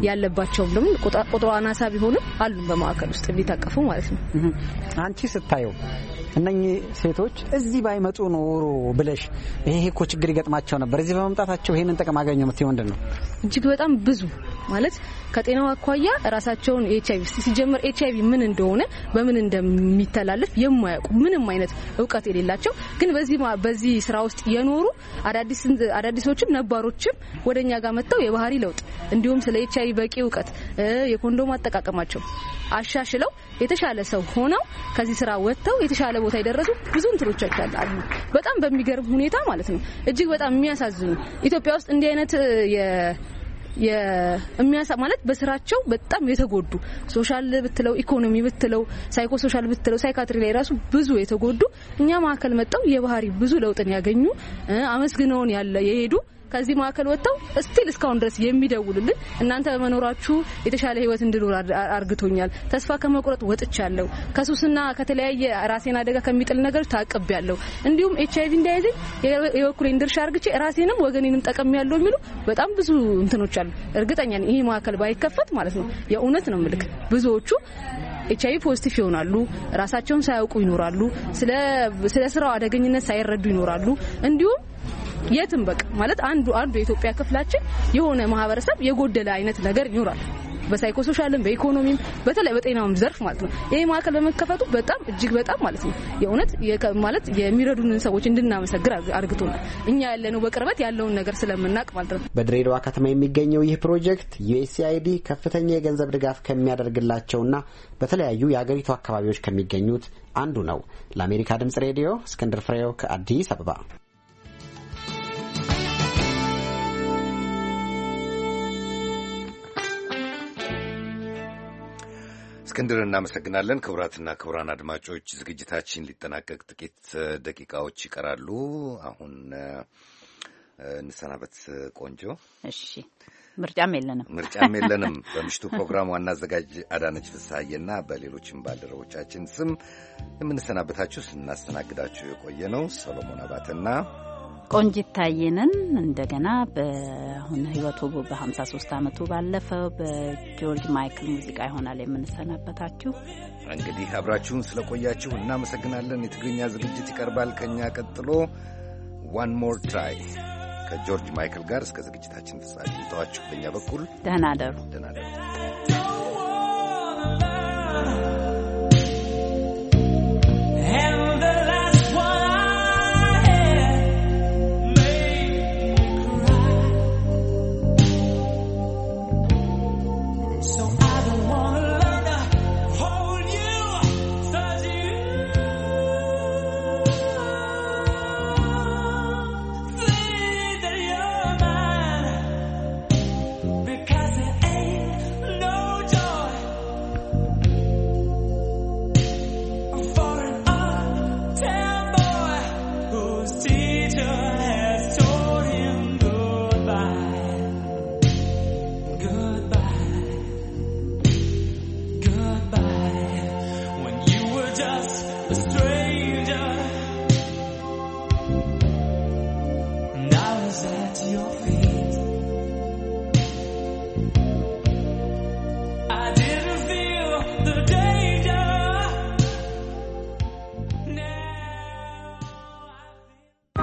ያለባቸውም ደግሞ ቁጥሩ አናሳ ቢሆንም አሉን በማዕከል ውስጥ የሚታቀፉ ማለት ነው። አንቺ ስታየው እነኚህ ሴቶች እዚህ ባይመጡ ኖሮ ብለሽ ይሄ እኮ ችግር ይገጥማቸው ነበር፣ እዚህ በመምጣታቸው ይሄንን ጥቅም አገኘ ምት ምንድን ነው? እጅግ በጣም ብዙ ማለት ከጤናው አኳያ ራሳቸውን ኤች አይቪ ሲጀምር ኤች አይቪ ምን እንደሆነ በምን እንደሚተላለፍ የማያውቁ ምንም አይነት እውቀት የሌላቸው ግን በዚህ ስራ ውስጥ የኖሩ አዳዲሶችም ነባሮችም ወደኛ ጋር መጥተው የባህሪ ለውጥ እንዲሁም ስለ ኤች አይቪ በቂ እውቀት የኮንዶም አጠቃቀማቸው አሻሽለው የተሻለ ሰው ሆነው ከዚህ ስራ ወጥተው የተሻለ ቦታ የደረሱ ብዙ እንትኖቻች አሉ። በጣም በሚገርም ሁኔታ ማለት ነው። እጅግ በጣም የሚያሳዝኑ ኢትዮጵያ ውስጥ እንዲህ አይነት የሚያሳ ማለት በስራቸው በጣም የተጎዱ ሶሻል ብትለው ኢኮኖሚ ብትለው ሳይኮ ሶሻል ብትለው ሳይካትሪ ላይ ራሱ ብዙ የተጎዱ እኛ ማዕከል መጥተው የባህሪ ብዙ ለውጥን ያገኙ አመስግነውን ያለ የሄዱ ከዚህ ማዕከል ወጥተው ስቲል እስካሁን ድረስ የሚደውሉልን እናንተ በመኖራችሁ የተሻለ ህይወት እንድኖር አርግቶኛል፣ ተስፋ ከመቁረጥ ወጥቻለሁ፣ ከሱስና ከተለያየ ራሴን አደጋ ከሚጥል ነገር ያለው እንዲሁም ኤች አይቪ እንዳይዘኝ የበኩሌን ድርሻ አርግቼ ራሴንም ወገኔንም ጠቀም ያለው የሚሉ በጣም ብዙ እንትኖች አሉ። እርግጠኛ ነኝ ይሄ ማዕከል ባይከፈት ማለት ነው የእውነት ነው ምልክ ብዙዎቹ ኤች አይቪ ፖዚቲቭ ይሆናሉ። ራሳቸውን ሳያውቁ ይኖራሉ። ስለ ስራው አደገኝነት ሳይረዱ ይኖራሉ። እንዲሁም የትም በቃ ማለት አንዱ አንዱ የኢትዮጵያ ክፍላችን የሆነ ማህበረሰብ የጎደለ አይነት ነገር ይኖራል። በሳይኮሶሻልም በኢኮኖሚም በተለይ በጤናውም ዘርፍ ማለት ነው። ይሄ ማዕከል በመከፈቱ በጣም እጅግ በጣም ማለት ነው የእውነት ማለት የሚረዱንን ሰዎች እንድናመሰግር አርግቶናል። እኛ ያለነው በቅርበት ያለውን ነገር ስለምናውቅ ማለት ነው። በድሬዳዋ ከተማ የሚገኘው ይህ ፕሮጀክት ዩኤስአይዲ ከፍተኛ የገንዘብ ድጋፍ ከሚያደርግላቸውና በተለያዩ የአገሪቱ አካባቢዎች ከሚገኙት አንዱ ነው። ለአሜሪካ ድምጽ ሬዲዮ እስክንድር ፍሬው ከአዲስ አበባ እስክንድር እናመሰግናለን። ክቡራትና ክቡራን አድማጮች ዝግጅታችን ሊጠናቀቅ ጥቂት ደቂቃዎች ይቀራሉ። አሁን እንሰናበት ቆንጆ። እሺ፣ ምርጫም የለንም ምርጫም የለንም። በምሽቱ ፕሮግራም ዋና አዘጋጅ አዳነች ፍስሐዬና በሌሎችም ባልደረቦቻችን ስም የምንሰናበታችሁ ስናስተናግዳችሁ የቆየ ነው ሰሎሞን አባተና ቆንጂት ታየንን እንደገና በሁን ህይወቱ በ53 ዓመቱ ባለፈው በጆርጅ ማይክል ሙዚቃ ይሆናል የምንሰናበታችሁ። እንግዲህ አብራችሁን ስለቆያችሁ እናመሰግናለን። የትግርኛ ዝግጅት ይቀርባል። ከእኛ ቀጥሎ ዋን ሞር ትራይ ከጆርጅ ማይክል ጋር እስከ ዝግጅታችን ፍጻሜ ተዋችሁ። በእኛ በኩል ደህና ደሩ። ደህና ደሩ።